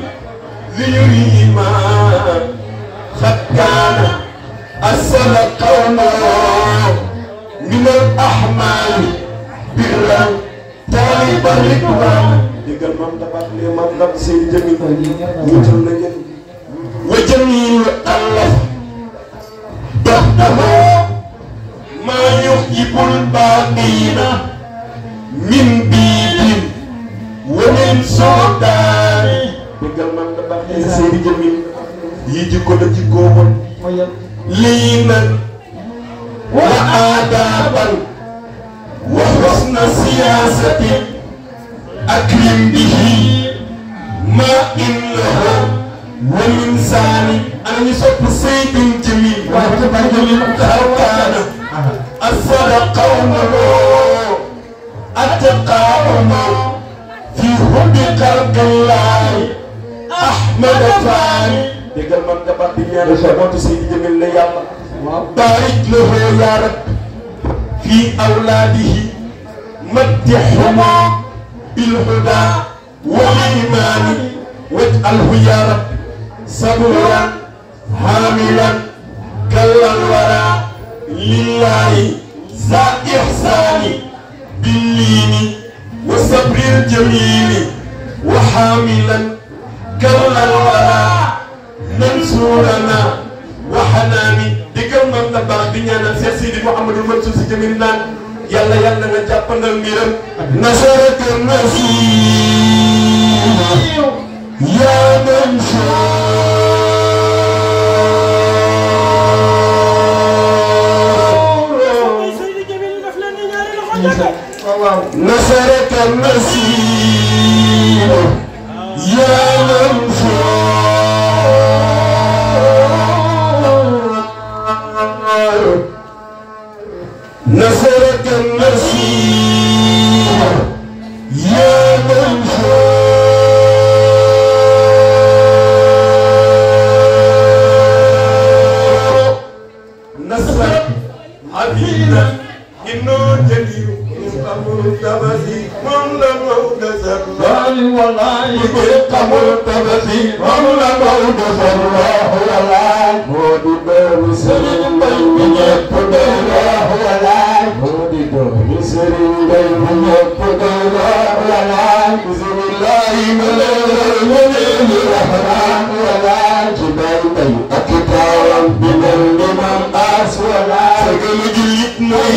ليريما قد كان أسل القوم من الأحمال برا طالبا ركبا ديغال مام تباخ لي مام دم سي جميل وجل نجل وجميل الله تحته ما يحب الباقين من بي jëmin soodaane déggal man nga baaxee seeni jëmin yi jikko la jikkoo woon lii nag wa aadaaban wa xusna siyaasati akrim bihi ma innahu wa min saani ana ñu sopp seydin jëmin jëmin xawkaana asada qawmaloo ataqaawmaloo في هدي خلق الله أحمد فاني ديغال مان دا بات دي نيان شبوت سيدي جميل لا يالا بارك له يا رب في أولاده مدحهما بالهدى والإيمان واجعله يا رب صبورا حاملا كلا ورا لله ذا إحسان باللين وصبر الجميل وحاملا كرم الورى منصورنا وحناني ديكم من تبع دنيا سيدي محمد المنصور سجميل نان يلا يلا نجابنا الميرم نصرك النصير يا من شاء نصرك المسيح يا من والولاء كنت مرتبتي رمنا بعد فراه ولاي مودي بابي سليم بي نيب ديراه ولاي مودي بابي سليم بي نيب ديراه ولاي بسم الله من الرحمن الرحمن ولاي جبال بي أكتاوان بمن بمن أسولاي سجل جي Voilà.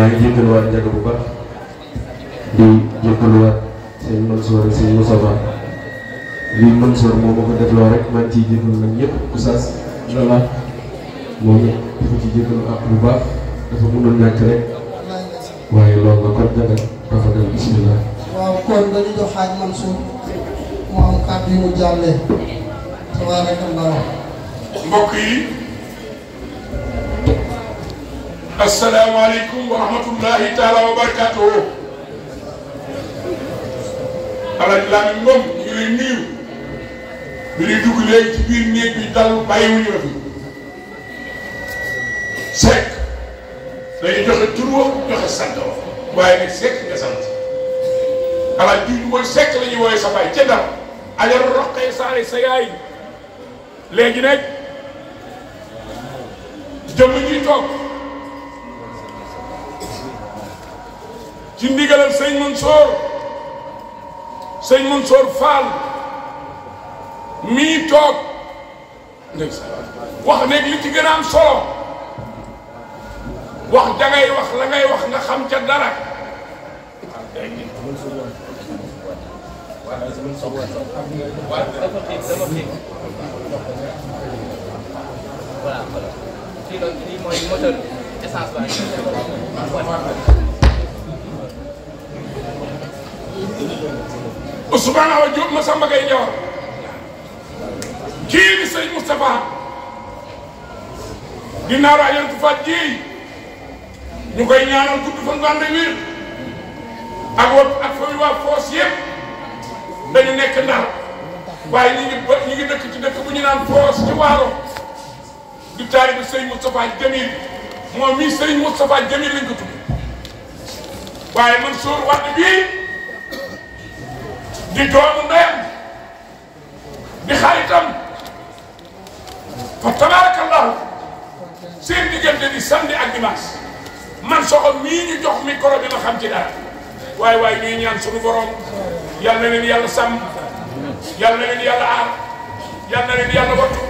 maa ngi keluar njëkk di jégaluwaat seen Mansour ak seen Moussa Ba lii Mansour moom moo ko defloo rek maa ngi ciy jégalu nag ñëpp Oustaz Lalla moom it dafa ci jégalu ak bu baax dafa mënul ñàkk rek waaye loolu nga kon dana السلام عليكم ورحمة الله تعالى وبركاته. أنا لامم يرنيو بلي دوغلي تي بير ني بي دال بايو ني وفي سيك داي جوخ تورو جوخ سانتو واي ني سيك نيا سانت على دي موي سيك لا ني ووي سا باي تي دام على رقي ساري سياي لجي نك جامو ني توك ci ndigalal sëñ Mansoor sëñ Mansoor Fall mii toog wax nekk li ci gën a am solo wax dangay wax la wax nga xam ca dara Ousmane Awa Diop ma Samba Gaye Njawar kii di sëñ Moustapha ginnaaw raa yontu faat jii ñu koy ñaanal gudd fa ngànd wér ak wa ak famille waa foos yëpp dañu nekk ndar waaye ñu ngi ba ñu ngi dëkk ci dëkk bu ñu naan foos ci waaro du taalibu sëñ Moustapha Jamil moom mii sëñ Moustapha Jamil lañ ko tudd waaye man sóor wàdd bii di doomu ndeyam di xaritam fa tabarakallahu seen diggante di samedi ak dimanche man soxo mii ñu jox micro bi ma xam ci dara waaye waaye ñuy ñaan suñu borom yal na yàlla sàmm yal na leen yàlla aar yal na leen yàlla wattu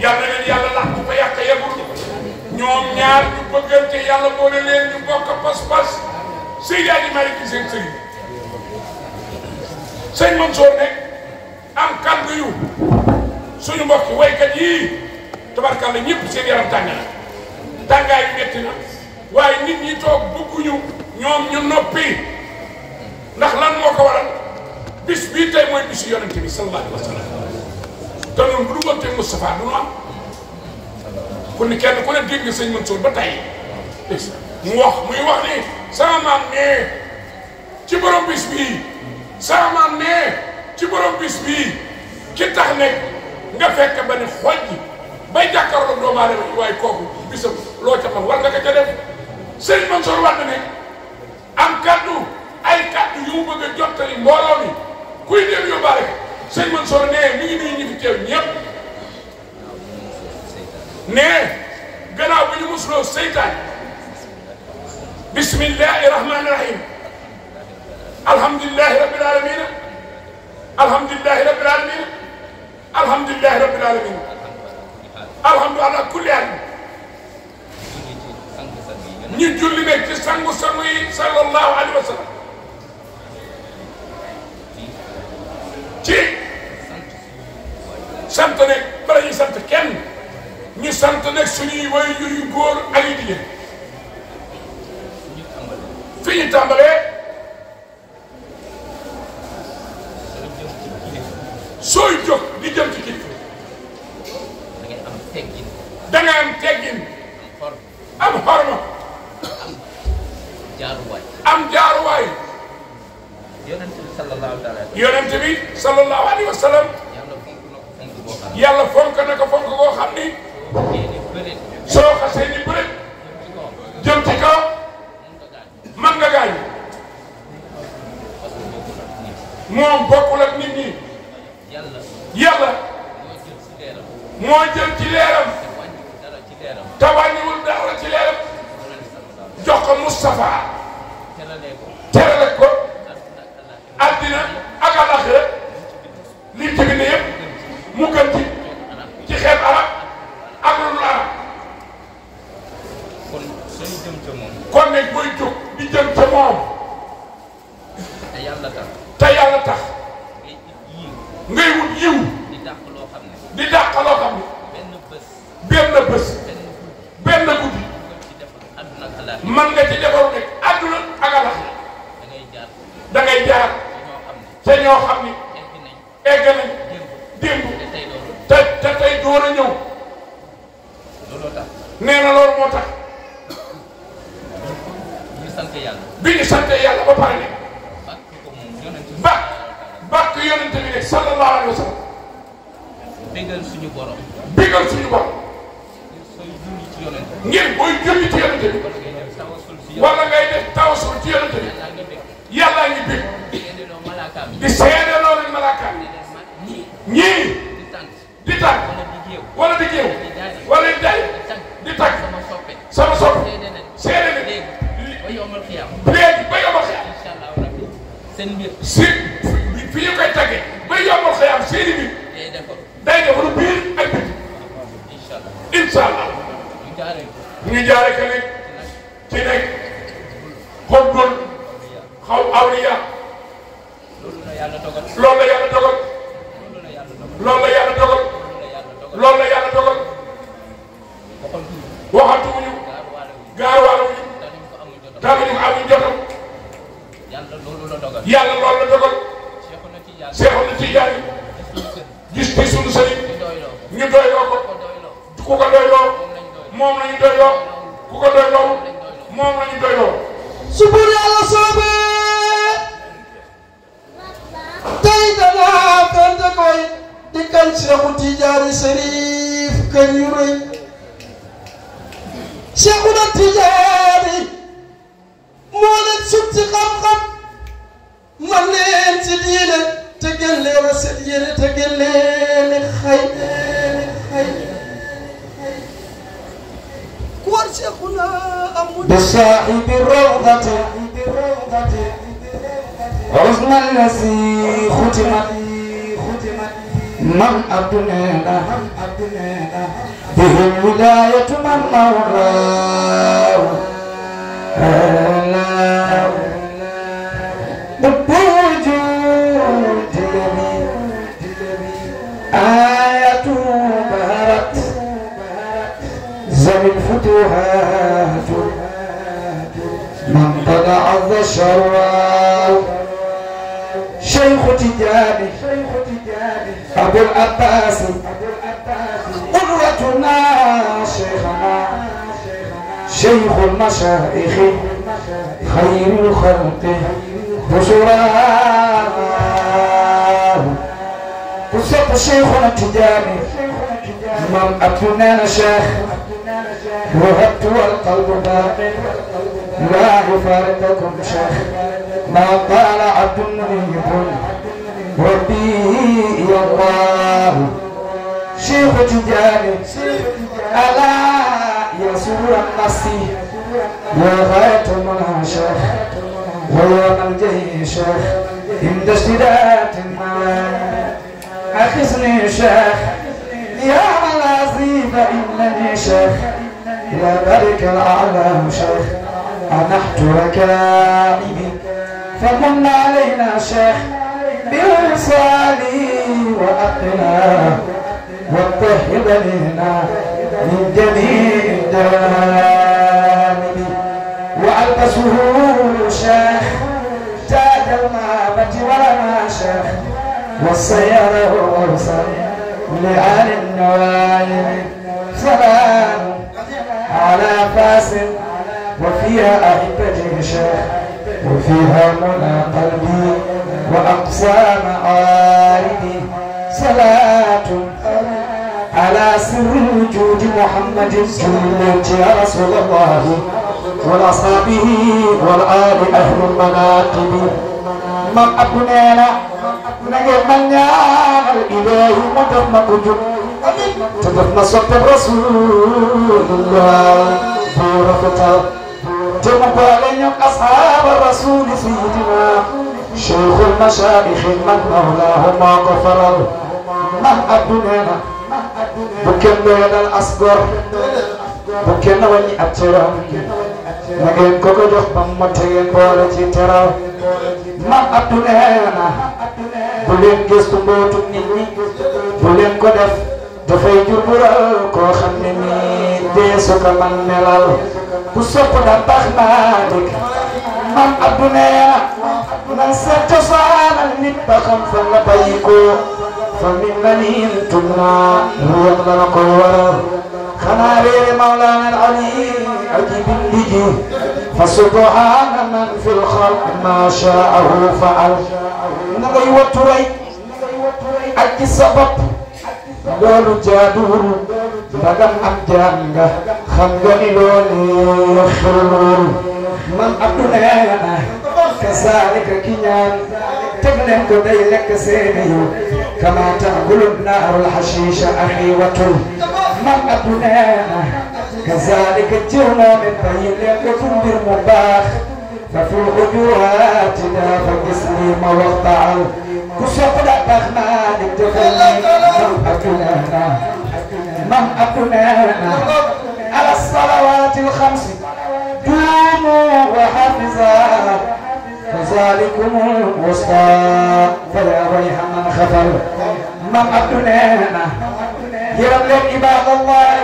yal na leen yàlla làq ba yàq yegul ñoom ñaar ñu bëggante yàlla boole leen ñu bokk pas-pas sëy yaa may ci seen sëriñ sëñ Mansour nekk am kàddu yu suñu mbokk waykat yii tabarkàlla ñëpp seen yaram tàng na tàngaay yu métti na waaye nit ñi toog bëgguñu ñoom ñu noppi ndax lan moo ko waral bis bii tey mooy bisu yonente bi sallallahu alayhi wa sallam te noonu bu duggoon tey Moustapha du nu am ku ni kenn ku ne dégg nga sëñ Mansour ba tey mu wax muy wax ni sama maam ne ci bis bii sama maam ne ci borom bis ki tax nekk nga fekk ba ne xoj bay jàkkaarloo doomu aadama yi waaye kooku bisam loo ca man war nga ko ca def sëriñ Mansour Wade ne am kaddu ay kaddu yu mu bëgg a jottali mbooloo mi kuy dem yóbbaale sëriñ Mansour ne mi ngi nuyu ñi fi teew ñëpp ne gannaaw bi ñu musuloo seytaan bismillahi rahim Elhamdülillahi Rabbil Alemin. Elhamdülillahi Rabbil Alemin. Elhamdülillahi Rabbil Alemin. Elhamdülillah kulli alemin. ñu julli nekk ci sangu sangu yi sallallahu alayhi wa sallam. ci sant ne? bala ñuy sant kenn ñu sant nekk suñuy waajur yu góor ak yu jigéen fi ñu tàmbalee. sooy jóg di jëm ci kilifa da ngay am teggin da ngay am teggin am xorma am jaaruwaay am jaaruwaay yonent bi sallallahu alayhi wa yonent bi sallallahu alayhi wa sallam fonk na ko fonk koo xam ni soo ni bëri jëm ci kaw man nga ak nit yàlla moo jël ci leeram te wàññiwul dara ci leeram jox ko Moustapha terale ko àddina ak alaxira li mu jóge ne yëpp mu gën ci ci xeet arab ak lu dul arab kon suñu jëm ca moom kon nag booy jóg di jëm ca moom te yàlla tax te yàlla tax ngay wut yiw di dàq loo xam ne di dàq loo xam ne benn bés benn bés benn guddi man nga ci defaru ne àdduna ak alax da ngay jaar da ngay jaar te ñoo xam ni egg nañ démb te te tey door a ñëw nee na loolu moo tax bi ñu sant yàlla ba pare ne borom. digal suñu borom. ngir booy julli ci yonente bi. wala ngay def tawasul ci yonente bi. yàllaa ngi bég. di seet. ثم صدق الرسول الله فورفتا تمبالين أصحاب الرسول سيدنا شيخ المشايخ من مولاه ما غفر ما أدنينا بكنا الأصغر بكنا ولي أترى نجم كوكو جوخ بمتين بولتي ترى ma addu nee na bu leen gëstu mbootu nit ñi bu leen ko def dafay jur bural koo xam ne nii deesu man melal ku sopp da baax naa dëkk man abdu nee man sa cosaanal nit ba xam la bàyyi fa min na niin tum naa ko waral xanaa réere mawlaana al ali aji bindi ji fa man fil xalq maa shaahu faal na ngay wattu rey ak ci sa bopp loolu jaaduwul ndagam am jaam nga xam nga ni loolu xelul man Abdoulaye yaaya naa kasaalika ki ñaan teg leen ko day lekk seeni yow kama taakulu naaru alxashiisha axiiwatul man Abdoulaye yaaya naa kasaalika jiw naa min bayi leen ko fu mbir mu baax fa fi l ujuhaati daa fa gis lii ma waxtaan وصفنا بغمان الدخول موحتنا منحتنا على الصلوات الخمس قوموا وحفظا فذلكم الوسطى فلا ويح من خفر منحتنا يرب لك عباد الله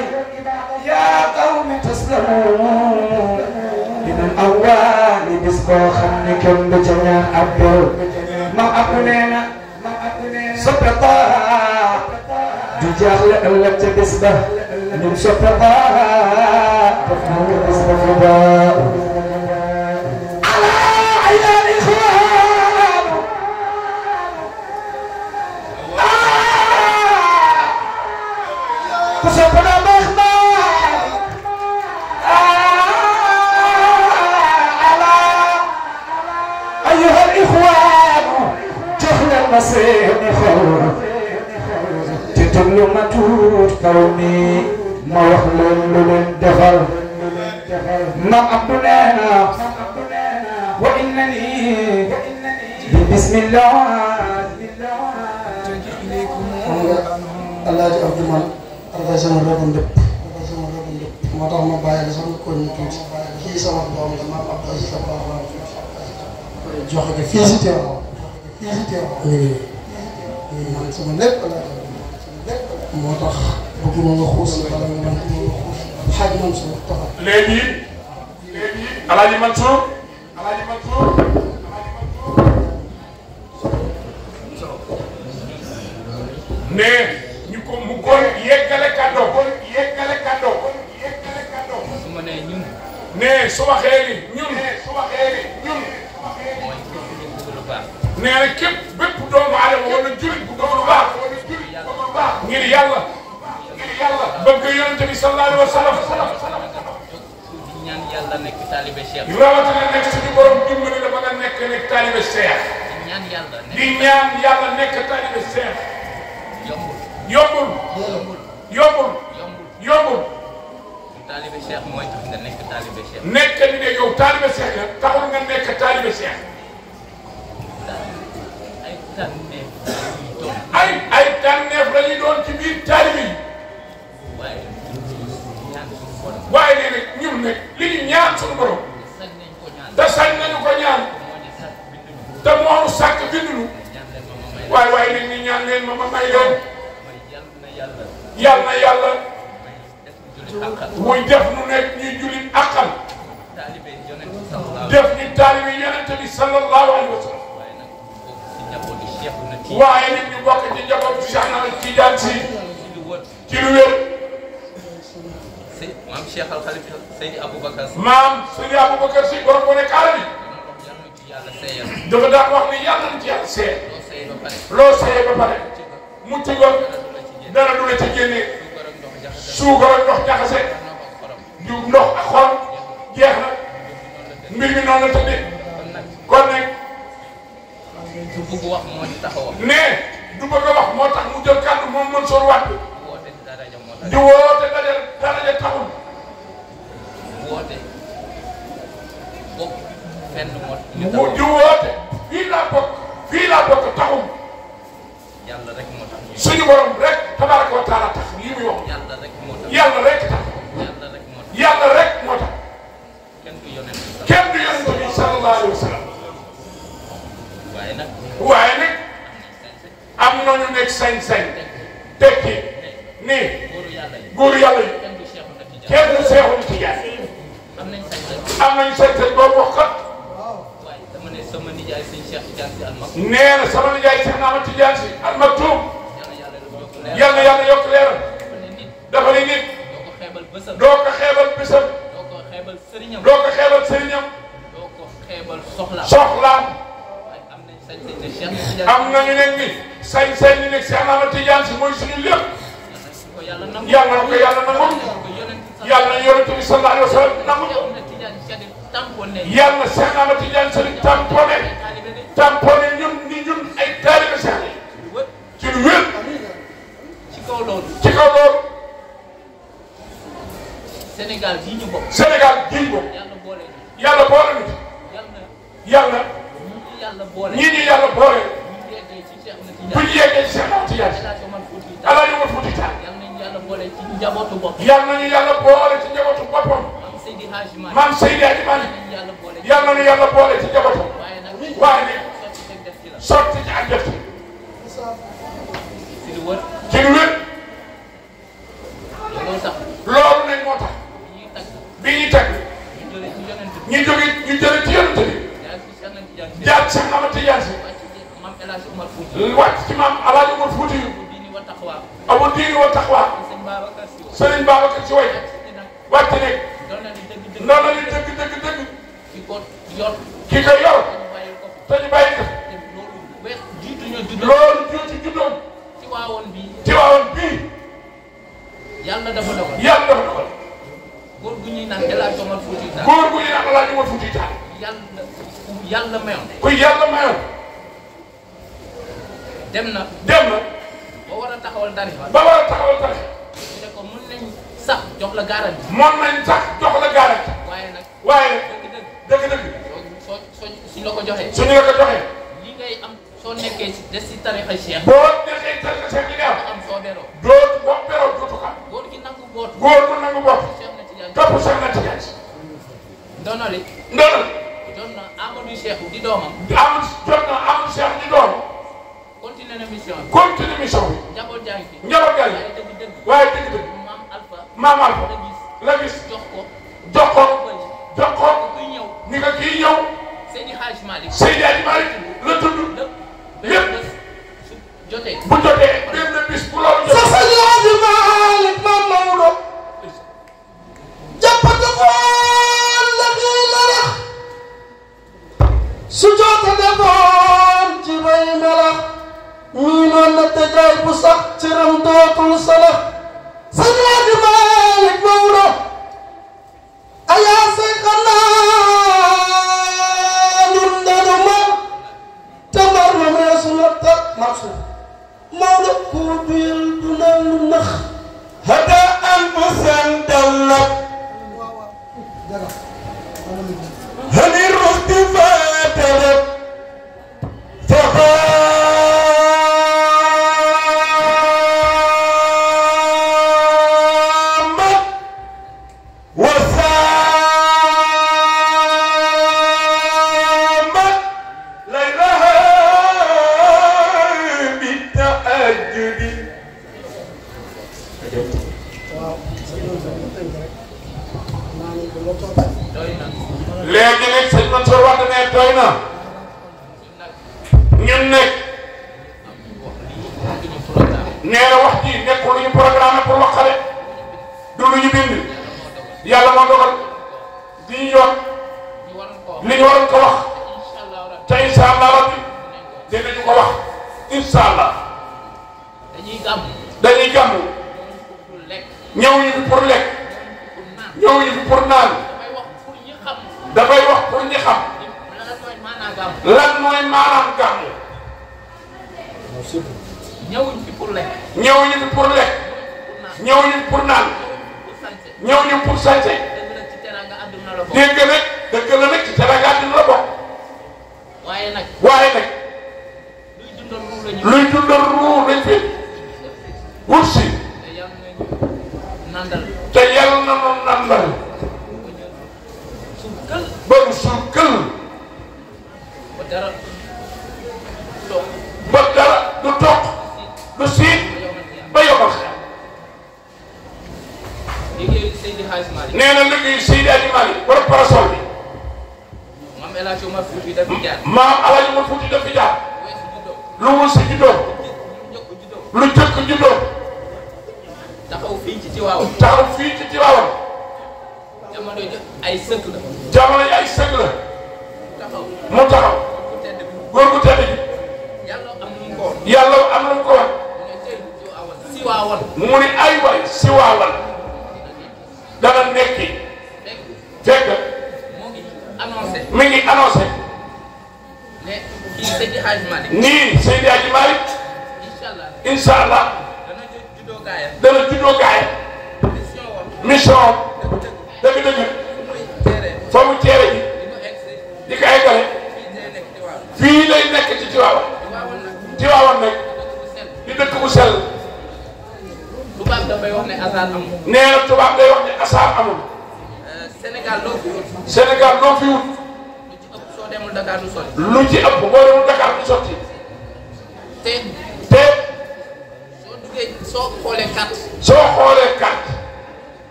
يا قوم تسلموا من الأول بسبوخ النكم بجنان عبد mam ak nee na soppe Taaha du jaaxle ëllëg ca bés ba ñun soppe Taaha def nañ ko bés ba fi baax seeni xol te déglu ma tuut kaw mi ma wax leen lu leen defal ma abdu neena wa innani bi bismillah alaaji abdu man dafay sama rogam dëpp moo tax ma bàyyi la sama koñ tuuti kii sama doom la maam abdu sa baax jox ko fii si teewoo ñi fi teew ñu ngi nii man sama lépp la moo tax bëgguma nga xuus wala nga xuus xaaj Mansour taxaw léegi léegi Alaaji Mansour Alaaji Mansour ne ñu ko mu góor yeggale kàddoo góor yeggale kàddoo góor yeggale kàddoo su ma nee ñun ne su ma xeeri ñun ne su ma xeeri ñun nee na képp bépp doomu aadama wala jullit bu doon baax ngir yàlla bëgg yonente bi sallallahu alayhi wa sallam. ñaan yàlla nekk taalibe Cheikh. rawatina nekk suñu borom dimbali la ba nga nekk nekk taalibe Cheikh. di ñaan yàlla nekk taalibe Cheikh. yombul yombul. yombul yombul. taalibe Cheikh mooy tax nga nekk taalibe Cheikh. nekk ni ne yow taalibe Cheikh la taxul nga nekk taalibe Cheikh. tànneef ay ay tànneef la ñuy doon ci biir taalibe yi waaye nee na ñun nag li ñu ñaan suñu borom te sañ nañu ko ñaan te moomu sàkk bindulu waaye waaye nag ñu ñaan leen ma ma may leen yàlla na yàlla muy def nu nekk ñuy jullit àqal def ñu taalibe yonente bi sallallahu alayhi wa sallam waaye nit ñu bokk ci njabootu Cheikh Ahmed Tidiane Sy ci lu wér. maam Cheikh Al Khalifa Seydi Aboubacar Sy. maam Seydi Aboubacar Sy borom bu nekk àll bi. dafa daan wax ni yàlla na ci yàlla seeyal. loo seeyee ba pare. mucc ko dara du la ci génnee. suukar ak ndox jaxase. ñu ndox ak xorom jeex na. mbir mi noonu la tëddee. kon nag. du bëgg wax moo ñu taxawal. ne du bëgg wax moo tax mu jël kàddu moom Mansour Wade. woote daraja moo tax. di woote daraja daraja taxul. woote bokk fenn moo ñu taxawal. di woote fii laa bokk fii laa bokk taxul. rek tax suñu borom rek taala tax muy wax. rek tax rek tax. rek tax rek tax. kenn du yonent sallallahu waaye nag am nañu nekk sañ-sañ tekki ni góor yàlla yi kenn du seexul tijaan am nañu sañ-sañ boobu wax kat sama nijaay sëñ Cheikh Tidiane si Almaktoum nee na sama nijaay Cheikh Ahmad Tidiane si Almaktoum yàlla yàlla yokk leeram dafa ne nit doo ko xeebal bésam doo ko xeebal sëriñam doo ko xeebal soxlaam am nañu ne ni sañ-sañ ñu ne Cheikh Ahmad si mooy suñu lépp yàlla na ko yàlla nangu na yonent bi sallallahu alayhi wa sallam nangu yàlla Cheikh Ahmad Tidiane Chérif tamponné tamponné ñun ni ñun ay taalibe Cheikh yi ci lu wér ci kaw loolu ci kaw loolu Sénégal gii ñu bokk Sénégal gii ñu bokk yàlla boole ñu yàlla ñii ñu yàlla boole bu ñu yeggee ci Cheikh Tidiane Alaaji Omar Fuuti Taal yal nañu yàlla boole ci njabootu boppam maam Seydi Hadji Malick yal nañu yàlla boole ci njabootam waaye nag sotti ci ak def ci lu wër loolu nag moo tax bi ñuy teg ñu jóge ñu jële ci yonent bi jaar a Cheikh Ahmad Tidiane si. wàcc ci maam El Hadj a Fouti yu. amul diini wa taxwa. Serigne Babacar si way. wàcc nekk. noonu la ñuy dëgg dëgg dëgg. ki ko yor. ki ko yor. te ñu bàyyi ko. loolu jiitu juddoon. Tiwaawoon bii. bii. yàlla dafa dogal. yàlla dafa gu ñuy naan El Hadj Omar Fouti Tall. góor gu ñuy naan El Hadj Omar Fouti Tall. ku yàlla mayoon. ku yàlla mayoon. dem na. dem na. ba war a taxawal tarixa. ba war a taxawal tarixa. ñu nañ sax jox la garanti. mën nañ sax jox la garanti. waaye nag. waaye dëgg-dëgg. soo soo suñ la ko joxee. suñ la ko joxee. li ngay am soo nekkee si des si tarixa Cheikh. boo nekkee tarixa Cheikh am. soo beroo. doo beroo ko am. góor gi nangu boot. góor gi nangu boot. topp Cheikh na Tidiane. ndonali. ndonali. doon na Amadou Cheikh di doomam. di am doon na Amadou Cheikh di doomam. continué na mission bi. continué mission bi. njaboot jaa ngi fi. njaboot jaa ngi fi waaye dëgg-dëgg. waaye dëgg-dëgg. maam Alpha. maam Alpha la gis. la gis jox ko. jox ko jox ko. kuy ñëw ni nga kii ñëw. Seydi Hadj Malick. Seydi Hadj Malick la tudd. lépp lépp su jotee. bu jotee benn bis bu loolu jotee. sa Seydi Hadj Malick maam Maodo. jàppante ko la nii la rex. su joote defoon ci bay noon na te jaay bu sax cëram dootul sala sëñ Laaji Maalik Mawdo ayaa say xanaa ñun danu ma te mar ma meesu la tak ku duyal du nan nax hada an busan dawlat هل فقال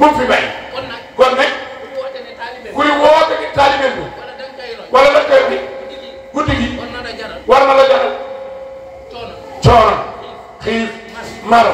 bu mu fi bàyyi. kon nag kon nag kuy woote ni taalibeel bi wala da koy bi guddi gi war na la jaral coono xiif mar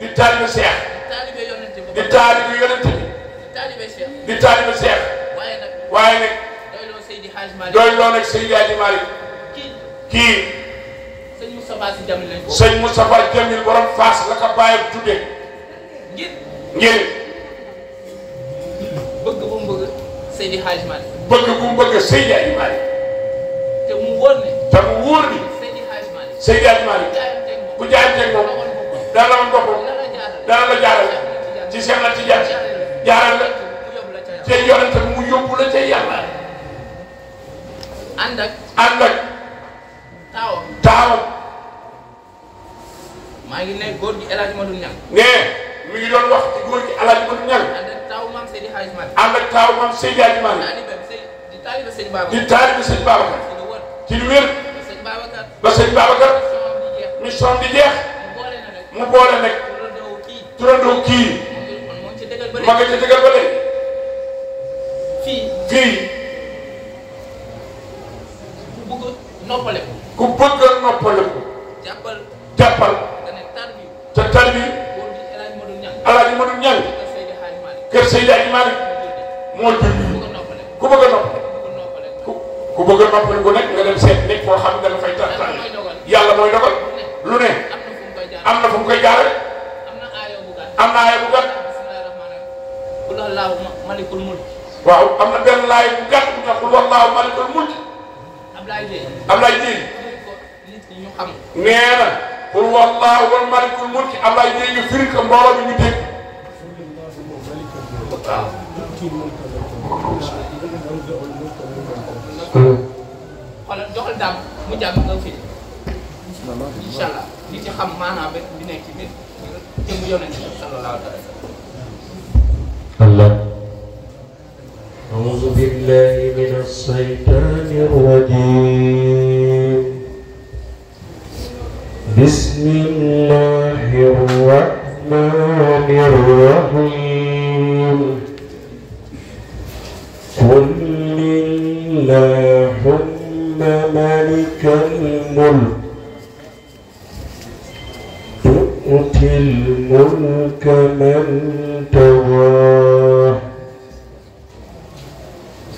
di taalibe Seex. di taalibe yonent bi. di taalibe Seex. waaye nag. doy loo nag Seydi Hadji Malick. kii. sëñ Moustapha Jamil borom Faas la ko bàyyi tudde. ngir. bëgg bëgg bu mu bëgg Seydi Hadji Malick. mu wóor ne. te mu wóor ne. Seydi Hadji Malick. ku jaay teg moom. dana la woon boppam dana la jaaral ci Cheikh na ci jaat jaaral la te yonente bi mu yóbbu la ca yàlla. ànd ak ànd ak. taawam taawam. maa ngi ne góor gi El Hadj Madou Niang. nee mi ngi doon wax ci góor gi El Hadj Madou Niang. ànd ak taawu maam Seydi Hadj Malick. ànd ak taawu maam Seydi Hadj Malick. di taalibe Sëñ Babacar di taalibe Sëñ Babacar. ci lu wér. ba Sëñ Babacar. ba Sëñ Babacar. mission di jeex. mu boole nag turandoo kii ma nga ca dëggal ba léegi ku bëgg noppale ko ku bëgg noppale ko jàppal jàppal te tal Seydi Hadji Malick moo jur ku ku bëgg a ku nekk nga dem seet nekk koo xam ne fay taal yàlla mooy dogal lu ne am na fu mu koy jaarale. am na aaya bu gàtt. am na aaya bu gàtt. qul wallaahu malikul mulk. waaw am na benn laay bu gàtt bu tax qul wallaahu malikul mulk. Ablaye Dieng. Ablaye Dieng. nit ñi ñu xam. nee na qul wallaahu malikul mulk Ablaye Dieng ñu firi ko mbooloo bi ñu dégg. waaw. xoolal joxal daam mu jàng nga firi. incha allah. li ci xam bi ci yonent sallallahu الله أعوذ بالله من الشيطان الرجيم بسم الله الرحمن الرحيم قل لله ملك الملك يؤتي الملك من تواه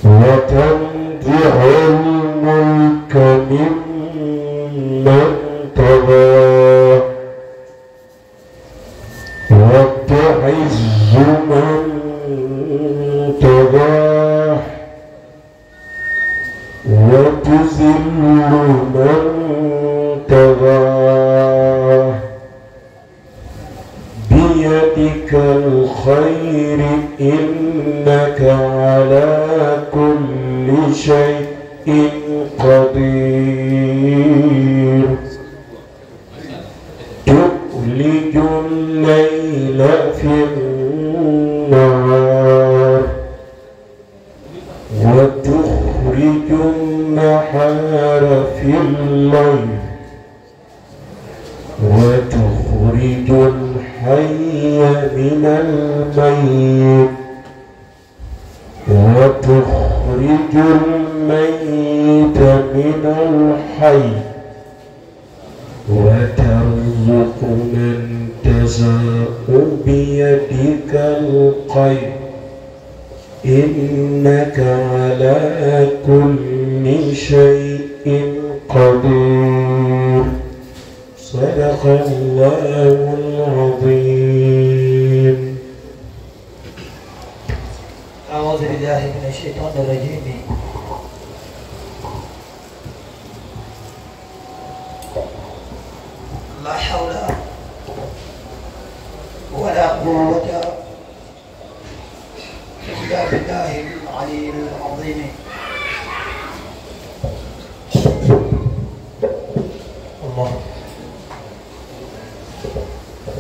وتنزع الملك ممن تواه وتعز من تباه وتذل من خير إنك على كل شيء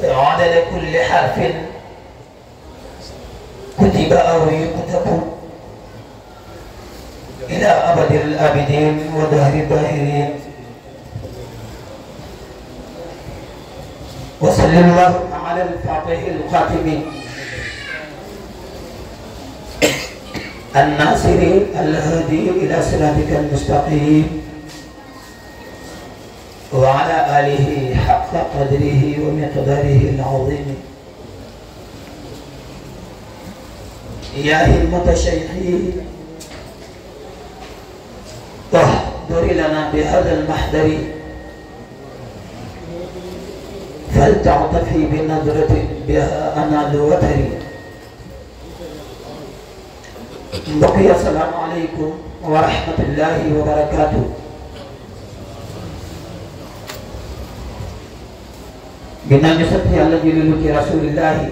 إعادة لكل حرف كتب أو يكتب إلى أبد الآبدين ودهر الداهرين وصل الله على الفاتح الخاتم الناصر الهادي إلى صراطك المستقيم وعلى آله حق قدره ومقداره العظيم يا المتشيحين تحضر لنا بهذا المحضر فلتعتفي بنظرة بها أنا لوتري بقي السلام عليكم ورحمة الله وبركاته ginnaaw ñu sant yàlla jëlelu ci rasulillahi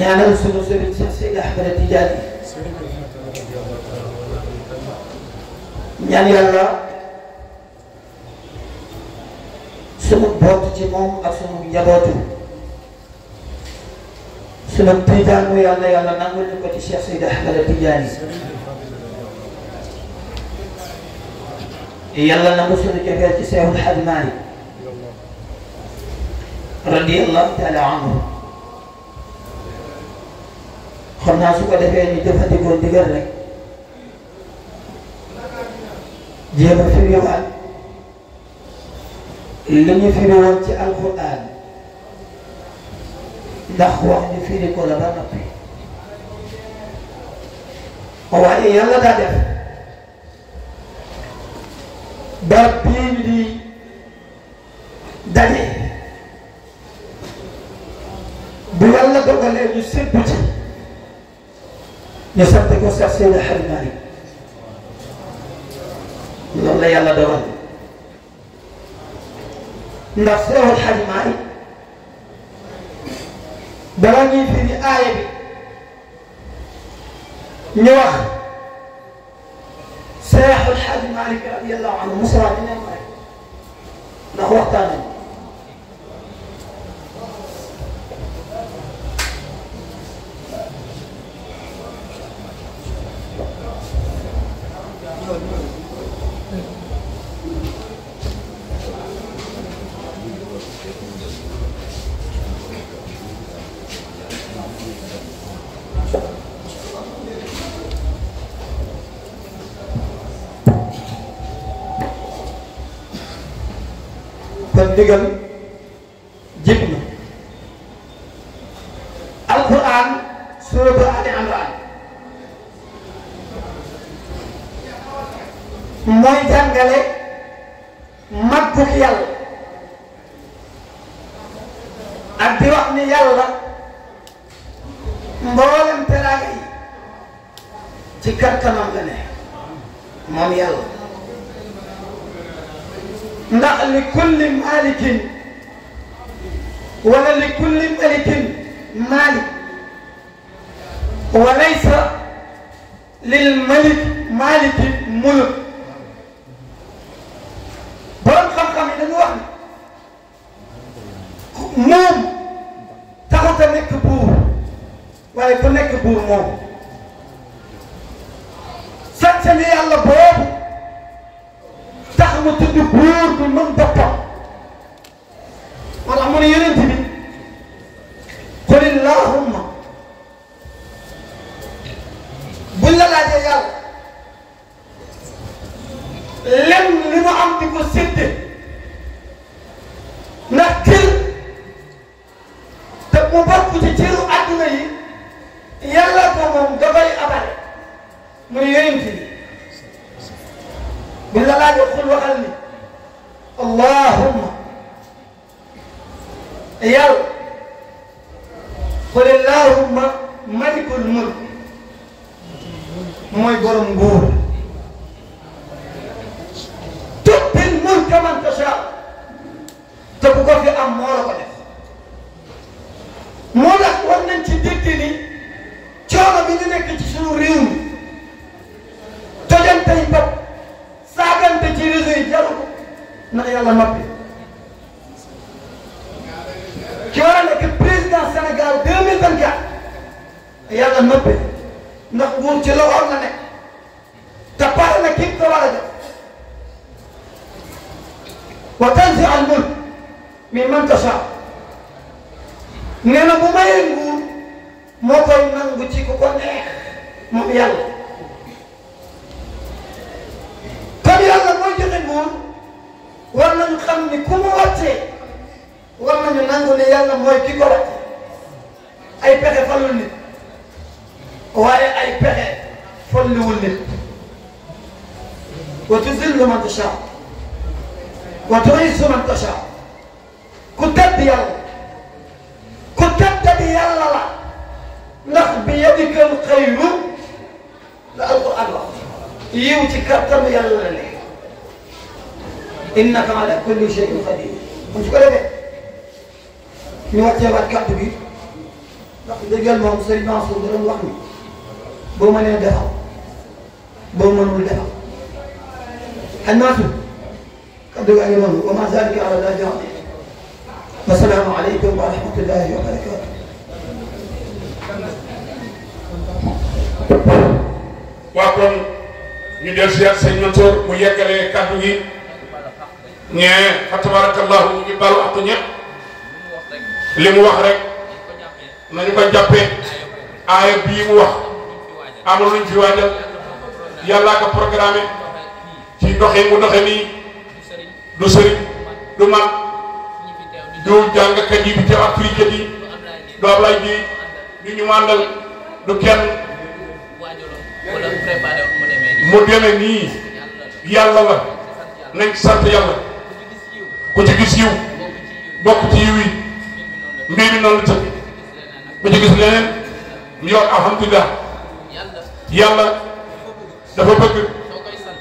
ñaanal sunu sëriñ si Seydi Ahmed Tidiane ñaan yàlla sunu boot ci moom ak sunu njabootu sunu tijaanu yàlla yàlla nangul ñu ko ci Cheikh Seydi Ahmed Tidiane يلا نمسك كذا تسعه حد ماي رضي الله تعالى عنه خلنا سوق ده في الجفة دي كل دقرة جاب في يوم لم يفي يوم تي القرآن دخوا عند في كل بابي هو إيه؟ يلا تعرف ba bii ñu di daje bu yàlla dogalee ñu séddu ci ñu sant ko sax seen xarit loolu la yàlla dogal ndax seewul xarimaa yi balaa ñuy firi aaya bi wax ساحر الحاج مالك رضي الله عنه مصر عدنان مالك نحو وقتان مالك ndigal jib na alquran suratu ali imran mooy jàngale màggug yàlla ak wax ni yàlla mboolem teraanga yi ci kattanam la ne moom yàlla لا لكل مالك ولا لكل ملك مالك وليس للملك مالك ملك بل فرق من الوهم موم تاخد نيك بور ولا يكون بور موم سنتني الله بوبو mu tudd buur bi mën boppam moo tax mu ne bi qul allahumma buñ la laajee yàlla lenn li mu am di ko sédde ndax te mu bokk ci cëru àdduna yi yàlla ko moom dafay abale mu ne bi bi la laajee xul waxal ni allahumma yow xul allahumma malikul mulk mooy borom nguur tuppil mulka man tasha te bu ko fi am moo la ko def moo tax war nañ ci dégg ni coono bi ñu nekk ci suñu réew mi tojantay bopp jaabante war a nekk président Sénégal deux mille vingt quatre yàlla noppi ndax moom ci la war na nekk te pare na képp ko a def wa tanzi al mulk mimman tasha nee na bu mayee nguur moo koy nangu ci ko neex moom yàlla kon yàlla mooy joxe nguur war nañu xam ni ku mu wàccee war nañu nangu ne yàlla mooy ki ko wàcce ay pexe falul nit waaye ay pexe folliwul nit wa tuzillu man tashaa wa tuizzu man tashaa ku tedd yàlla ku tedd di yàlla la ndax bi yadikal xayru la alquran wax يو تكتب يلا لي إنك على كل شيء قدير مش كده نوقت بعد كعب بيت دجال ما مصري ما صدر اللحم بوما نادها بوما نولدها الناس قد يعلمون وما ذلك على الله جاهل والسلام عليكم ورحمة الله وبركاته وكن ñu del siyaat sëñ Mansour mu yeggalee kàddu gi ñe fa tabarakallahu ñu ngi balu ak li mu wax rek nañu ko jàppee aaya bii mu wax amul luñ fi waajal yàllaa ko programmé ci ndoxee mu doxe nii du sëriñ du man du jàngkat yi bi ci afrique yi du Ablaye bi du ñu màndal du kenn mu demee nii yàlla la nañ sant yàlla ku ci gis yiw bokk ci yiw yi mbir mi noonu la tëdd ku ci leneen mu yor alhamdulilah dafa bëgg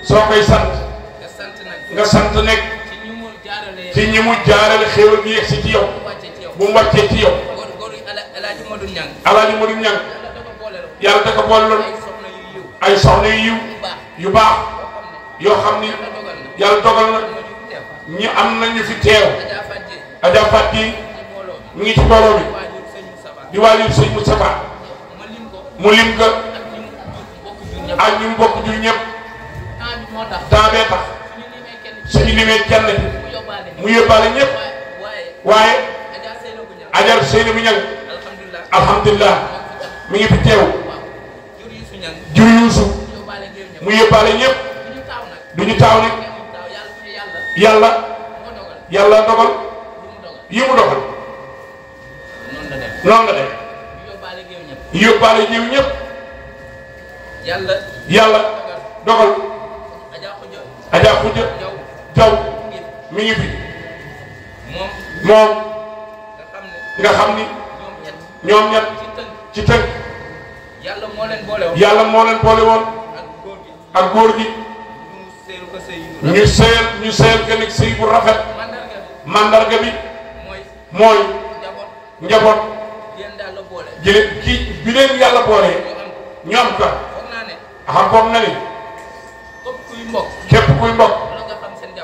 soo koy sant nga sant nekk ci ñi mu jaarale xéewal bi yegg si ci yow bu mu wàccee ci yow alaaji Modou Niang yàlla boole loolu ay soxna yu yu baax yoo xam ni yàlla dogal na ñu am na ñu fi teew Adja Fati mu ngi ci mbooloo bi di waajur sëñ Moustapha mu lim ko ak ñu mbokk jur ñëpp temps bee tax suñu limee kenn mu yóbbaale ñëpp waaye Adja Seyna bu ñag alhamdulilah mi ngi teew. jur yuusu mu yóbbaale ñëpp du ñu taaw nag yàlla yàlla dogal yi mu dogal noonu la def yóbbaale yàlla yàlla ajaa xujja jaw mi ngi fi moom nga xam ni ñoom ñett ci tënk yàlla moo leen boole woon yàlla moo leen boole woon ak góor gi ñu seel ñu seel ko nekk sëy bu rafet mandarga bi mooy njaboot jële ki bi leen yàlla boole ñu am ko xam foog na ni képp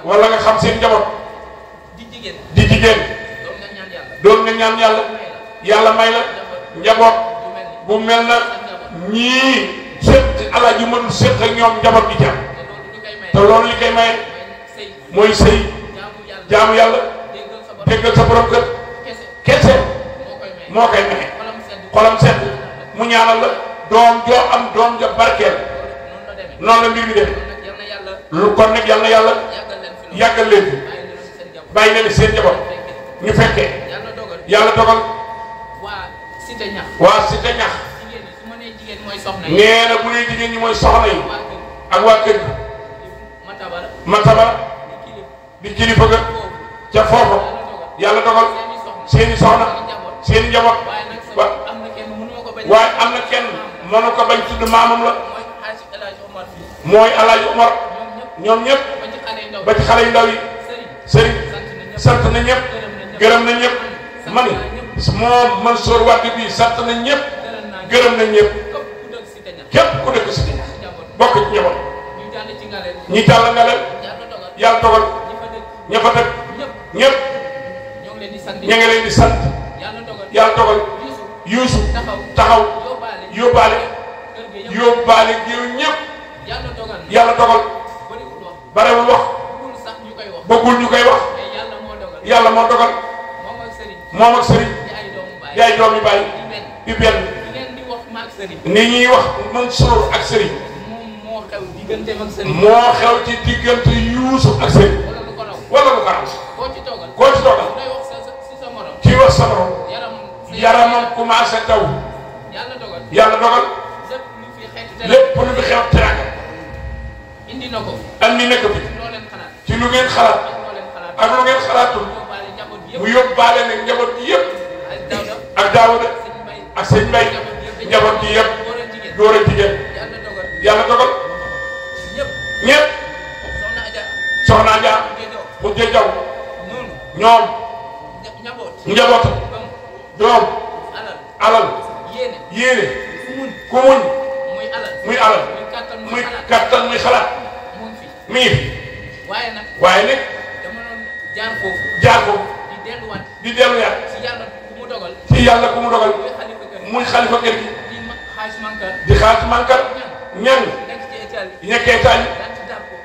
nga xam seen njaboot di jigéen doon nga ñaan yàlla yàlla may la njaboot bu mel na ñii seet alaaji mënul seet ak ñoom njaboot gi jàpp te loolu li koy maye mooy sëy jaamu yàlla déggal sa borom kër kese moo koy maye xolam set mu ñaanal la doom joo am doom ja barkeel noonu la mbir mi lu kon nag yàlla na yàlla yàggal leen fi bàyyi leen seen njaboot ñu fekkee yàlla dogal waa cité ñax nee na bu dee jigéen ñi mooy soxna yi ak waa kër matabara di kilifa ga ca foofa yàlla dogal seeni soxna seeni njaboot wa waaye am na kenn mënu ko bañ tudd maamam la mooy El Hadj ñoom ñëpp ba ci xale yu ndaw yi sëriñ sant na ñëpp gërëm na ñëpp man moom Mansour Wade bi sant na ñëpp gërëm na ñëpp. képp ku dëkk si biir bokk ci njaboot ñi jàll ngaleel yàlla dogal ña fa dëkk ñëpp ña ngi leen di sant yàlla dogal yuusu taxaw yóbbaale yóbbaale géew ñëpp yàlla dogal barewul wax bëggul ñu koy wax yàlla moo dogal moom ak sëriñ yaay doom yu bàyyi di ni ñuy wax Mansour ak sëriñ moo xew ci diggante Yuusuf ak sëriñ wala lu ko raw koo ci toogal kii wax sa morom yaramam commencé taw yàlla ak lu ngeen xalaatul mu yóbbaale njaboot bi ak Daawuda ak sëñ Mbay njaboot gi yëpp góor ak jigéen yàlla dogal ñëpp soxna Adja bu ñoom njaboot doom alal yéene ku muy alal muy kattan muy xalaat mi waaye nag jaar foofu di delluwaat ci yàlla ku mu muy xalifa kër gi di xaaj mankar ñan ñekkee Italie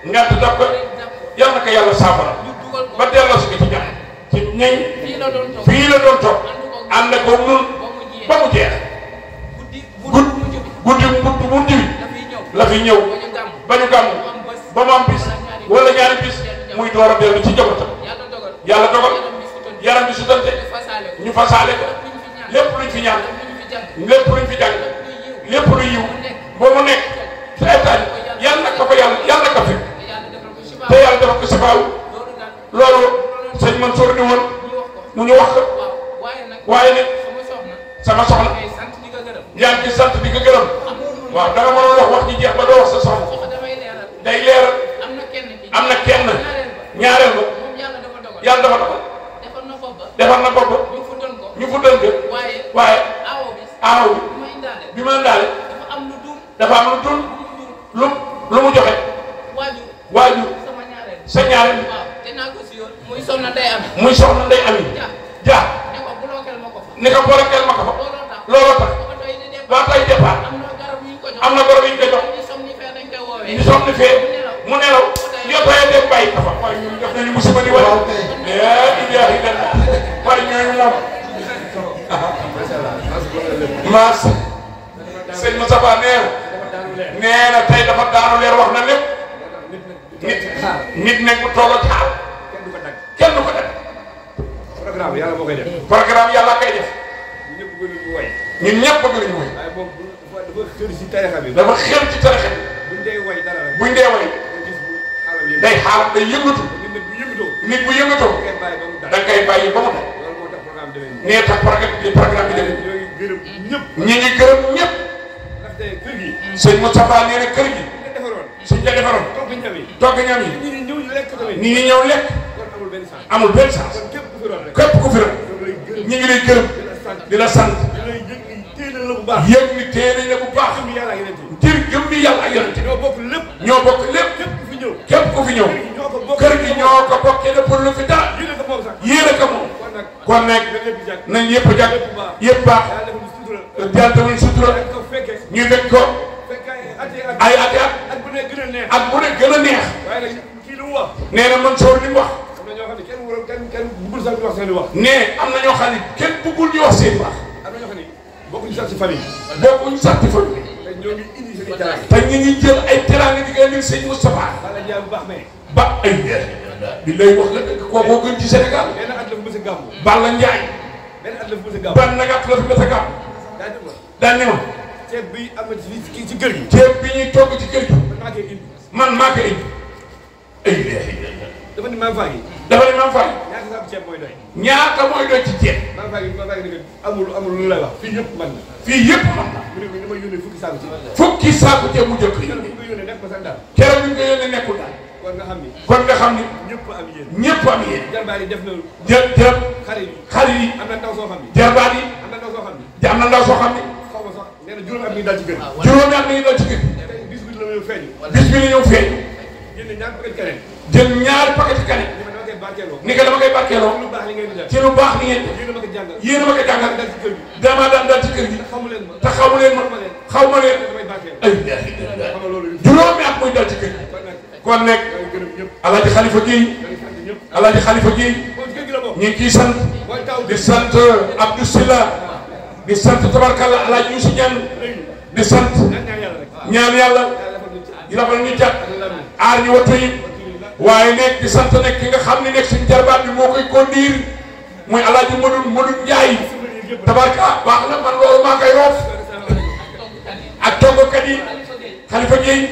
ngant dab ko yal na ko yàlla saafara ba la doon toog ko nun ba mu jeex ñëw ba ba mu am bis wala ñaari bis muy door a ci njabootam yàlla dogal yaram bi su dante ñu fasaale ko lépp luñ fi ñaan. lépp luñ fi jàng lépp lu yiw ba mu nekk ci ay taal yàlla ko fa yàlla yàlla ko fi te yàlla defal ko sifaaw loolu sëñ Mansour ni woon mu ñu wax ko waaye nag sama soxna yaa ngi sant di ko gërëm waaw danga mënoon wax wax ji jeex ba doo wax sa soxna day leeral am na kenn ñaareel ba yàlla dafa dogal defar na bopp ñu fuddal ko waaye. aaw bi ma indaale dafa am lu dul lu lu mu joxe waajur sa ñaareel muy soxna Ndeye Ami muy soxna Ndeye Ami ja ne ko bloqueel ma ko fa looloo tax ba tay départ am na garab yu ñu ko jox ñu som ni fee mu nelaw yotoye dem bàyyi ko fa waaye ñun def nañu musiba di wala la ilaha illallah waaye ñooñu moom mars sëñ Moustapha neew nee na tey dafa daanu leer wax na lépp nit nekk bu toll ak kenn du ko dagg programme yàlla moo koy def programme yàlla koy def ñun ñëpp dafa xër ci tarixa bi dafa xër ci day xaalam day yëngatu nit bu yëngatoo da nga koy ba mu nee tax programme programme bi demee. ñoo ngi gërëm ñëpp. ñu ngi gërëm ñëpp. ndaxte kër gi. sëñ Moustapha nee na kër gi. suñ la defaroon. togg ñam yi togg ñam yi. ñi ñëw lekk tamit. ñi ñi ñëw lekk. amul benn sens. amul ku fi doon rek. képp di la sant yéeg ni téere la bu baax ngir gëm ñoo bokk lépp ñoo bokk ku fi ñëw kër gi ñoo ko bokkee ne pour lu fi dara yéene ko moom kon nag nañ yëpp jag yëpp baax yàlla defuñ sutura ñu fekk ay at at bu ne gën a neex at a na man soo li mu wax. nee am na ñoo xam ne kenn bëggul ñu wax seen wax. bokkuñu sax ci fan yi. bokkuñu sax ci fan yi. te ñu ngi jël ay teraanga di ko indil sëñ ba ay. bi lay wax la kooku gën ci Sénégal. gàmm. Balla Ndiaye. benn at la fi mës a gàmm. ban nag at la fi mës a gàmm. daan ne ma. ceeb bi am na ci ci kër gi. ceeb bi ñuy togg ci kër gi. man maa koy indi. man maa koy indi. dafa ni maam Faye. dafa ni maam Faye. ñaata saabu ceeb mooy doy. ñaata mooy doy ci ceeb. maam Faye maam Faye ni amul amul lu lay wax. fii yëpp man la. fii yëpp man la. mu ne ko ni ma yónnee fukki saabu ceeb. fukki saabu ceeb mu jëkk. keroog ñu ko yónnee nekkul daal. kon nga xam ni. kon nga xam ni. ñëpp am yéen. ñëpp am yéen. jarbaar yi def na lu. jë jë. xarit yi xarit yi. am na ndaw soo xam ni. jarbaar yi. am na ndaw xaw ma la ah, ñëw feeñ. bis bi la ñëw a ma ko jàngal. dama daan dal leen ma xaw ma leen. ay juróomi at muy dal ci kon nekk alaaji xalifa Guèye alaaji xalifa Guèye ñu ngi ciy sant di sant Abdou Silla di sant tabarkalla alaaji Youssou Niane di sant ñaan yàlla yi dafa ñu jàpp aar ñu wattu yi waaye nekk di sant nag ki nga xam ne nekk suñu jarbaat bi moo koy conduire muy alaaji Modou Modou Ndiaye tabarka baax na man loolu maa koy roof ak toggokat yi xalifa Guèye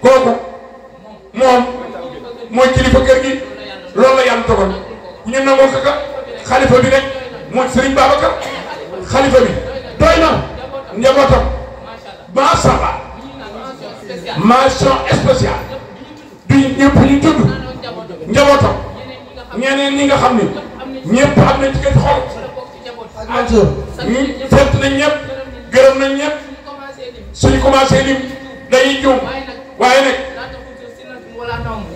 kooku moom mooy kilifa kër gi loolu la yàlla dogal bu ñu nangoo ko ka xalifa bi rek mooy Serigne Babacar xalifa bi doy na njabootam macha allah mention spéciale du ñëpp ñu tudd njabootam ñeneen nga xam ni ñëpp am nañ ci gën xol ak sant nañ ñëpp gërëm nañ ñëpp suñu commencé lim dañuy juum waaye nag.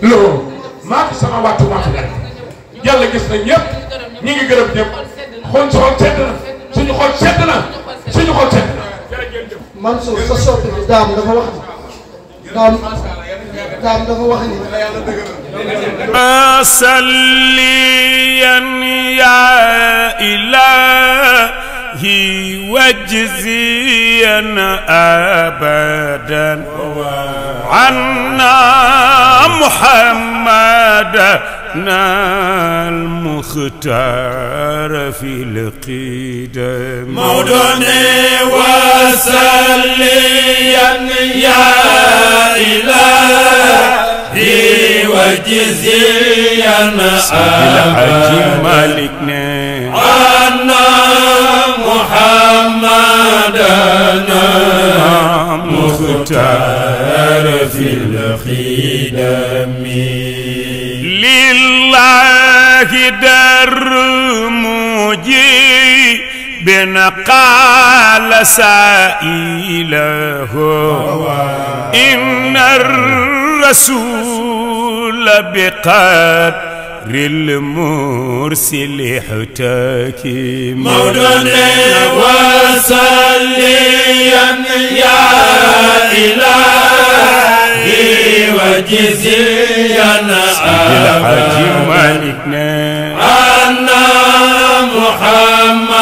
loo maatu sama waatu maatu la yàlla gis na ñëpp ñi ngi gërëm ñëpp xool xool sedd na suñu xool sedd na sa sotti daam dafa wax ni daam daam dafa ilaa. وجزينا أبدا عنا محمد المختار في القدم مدني وسليا يا إلهي وجزيا أبدا مالكنا نعم. عنا محمدنا مختار في الخدم لله در مجيب بن قال سائله إن الرسول بقد للمرسل حتاكي مولانا وصليا يا إلهي وجزيا مالكنا محمد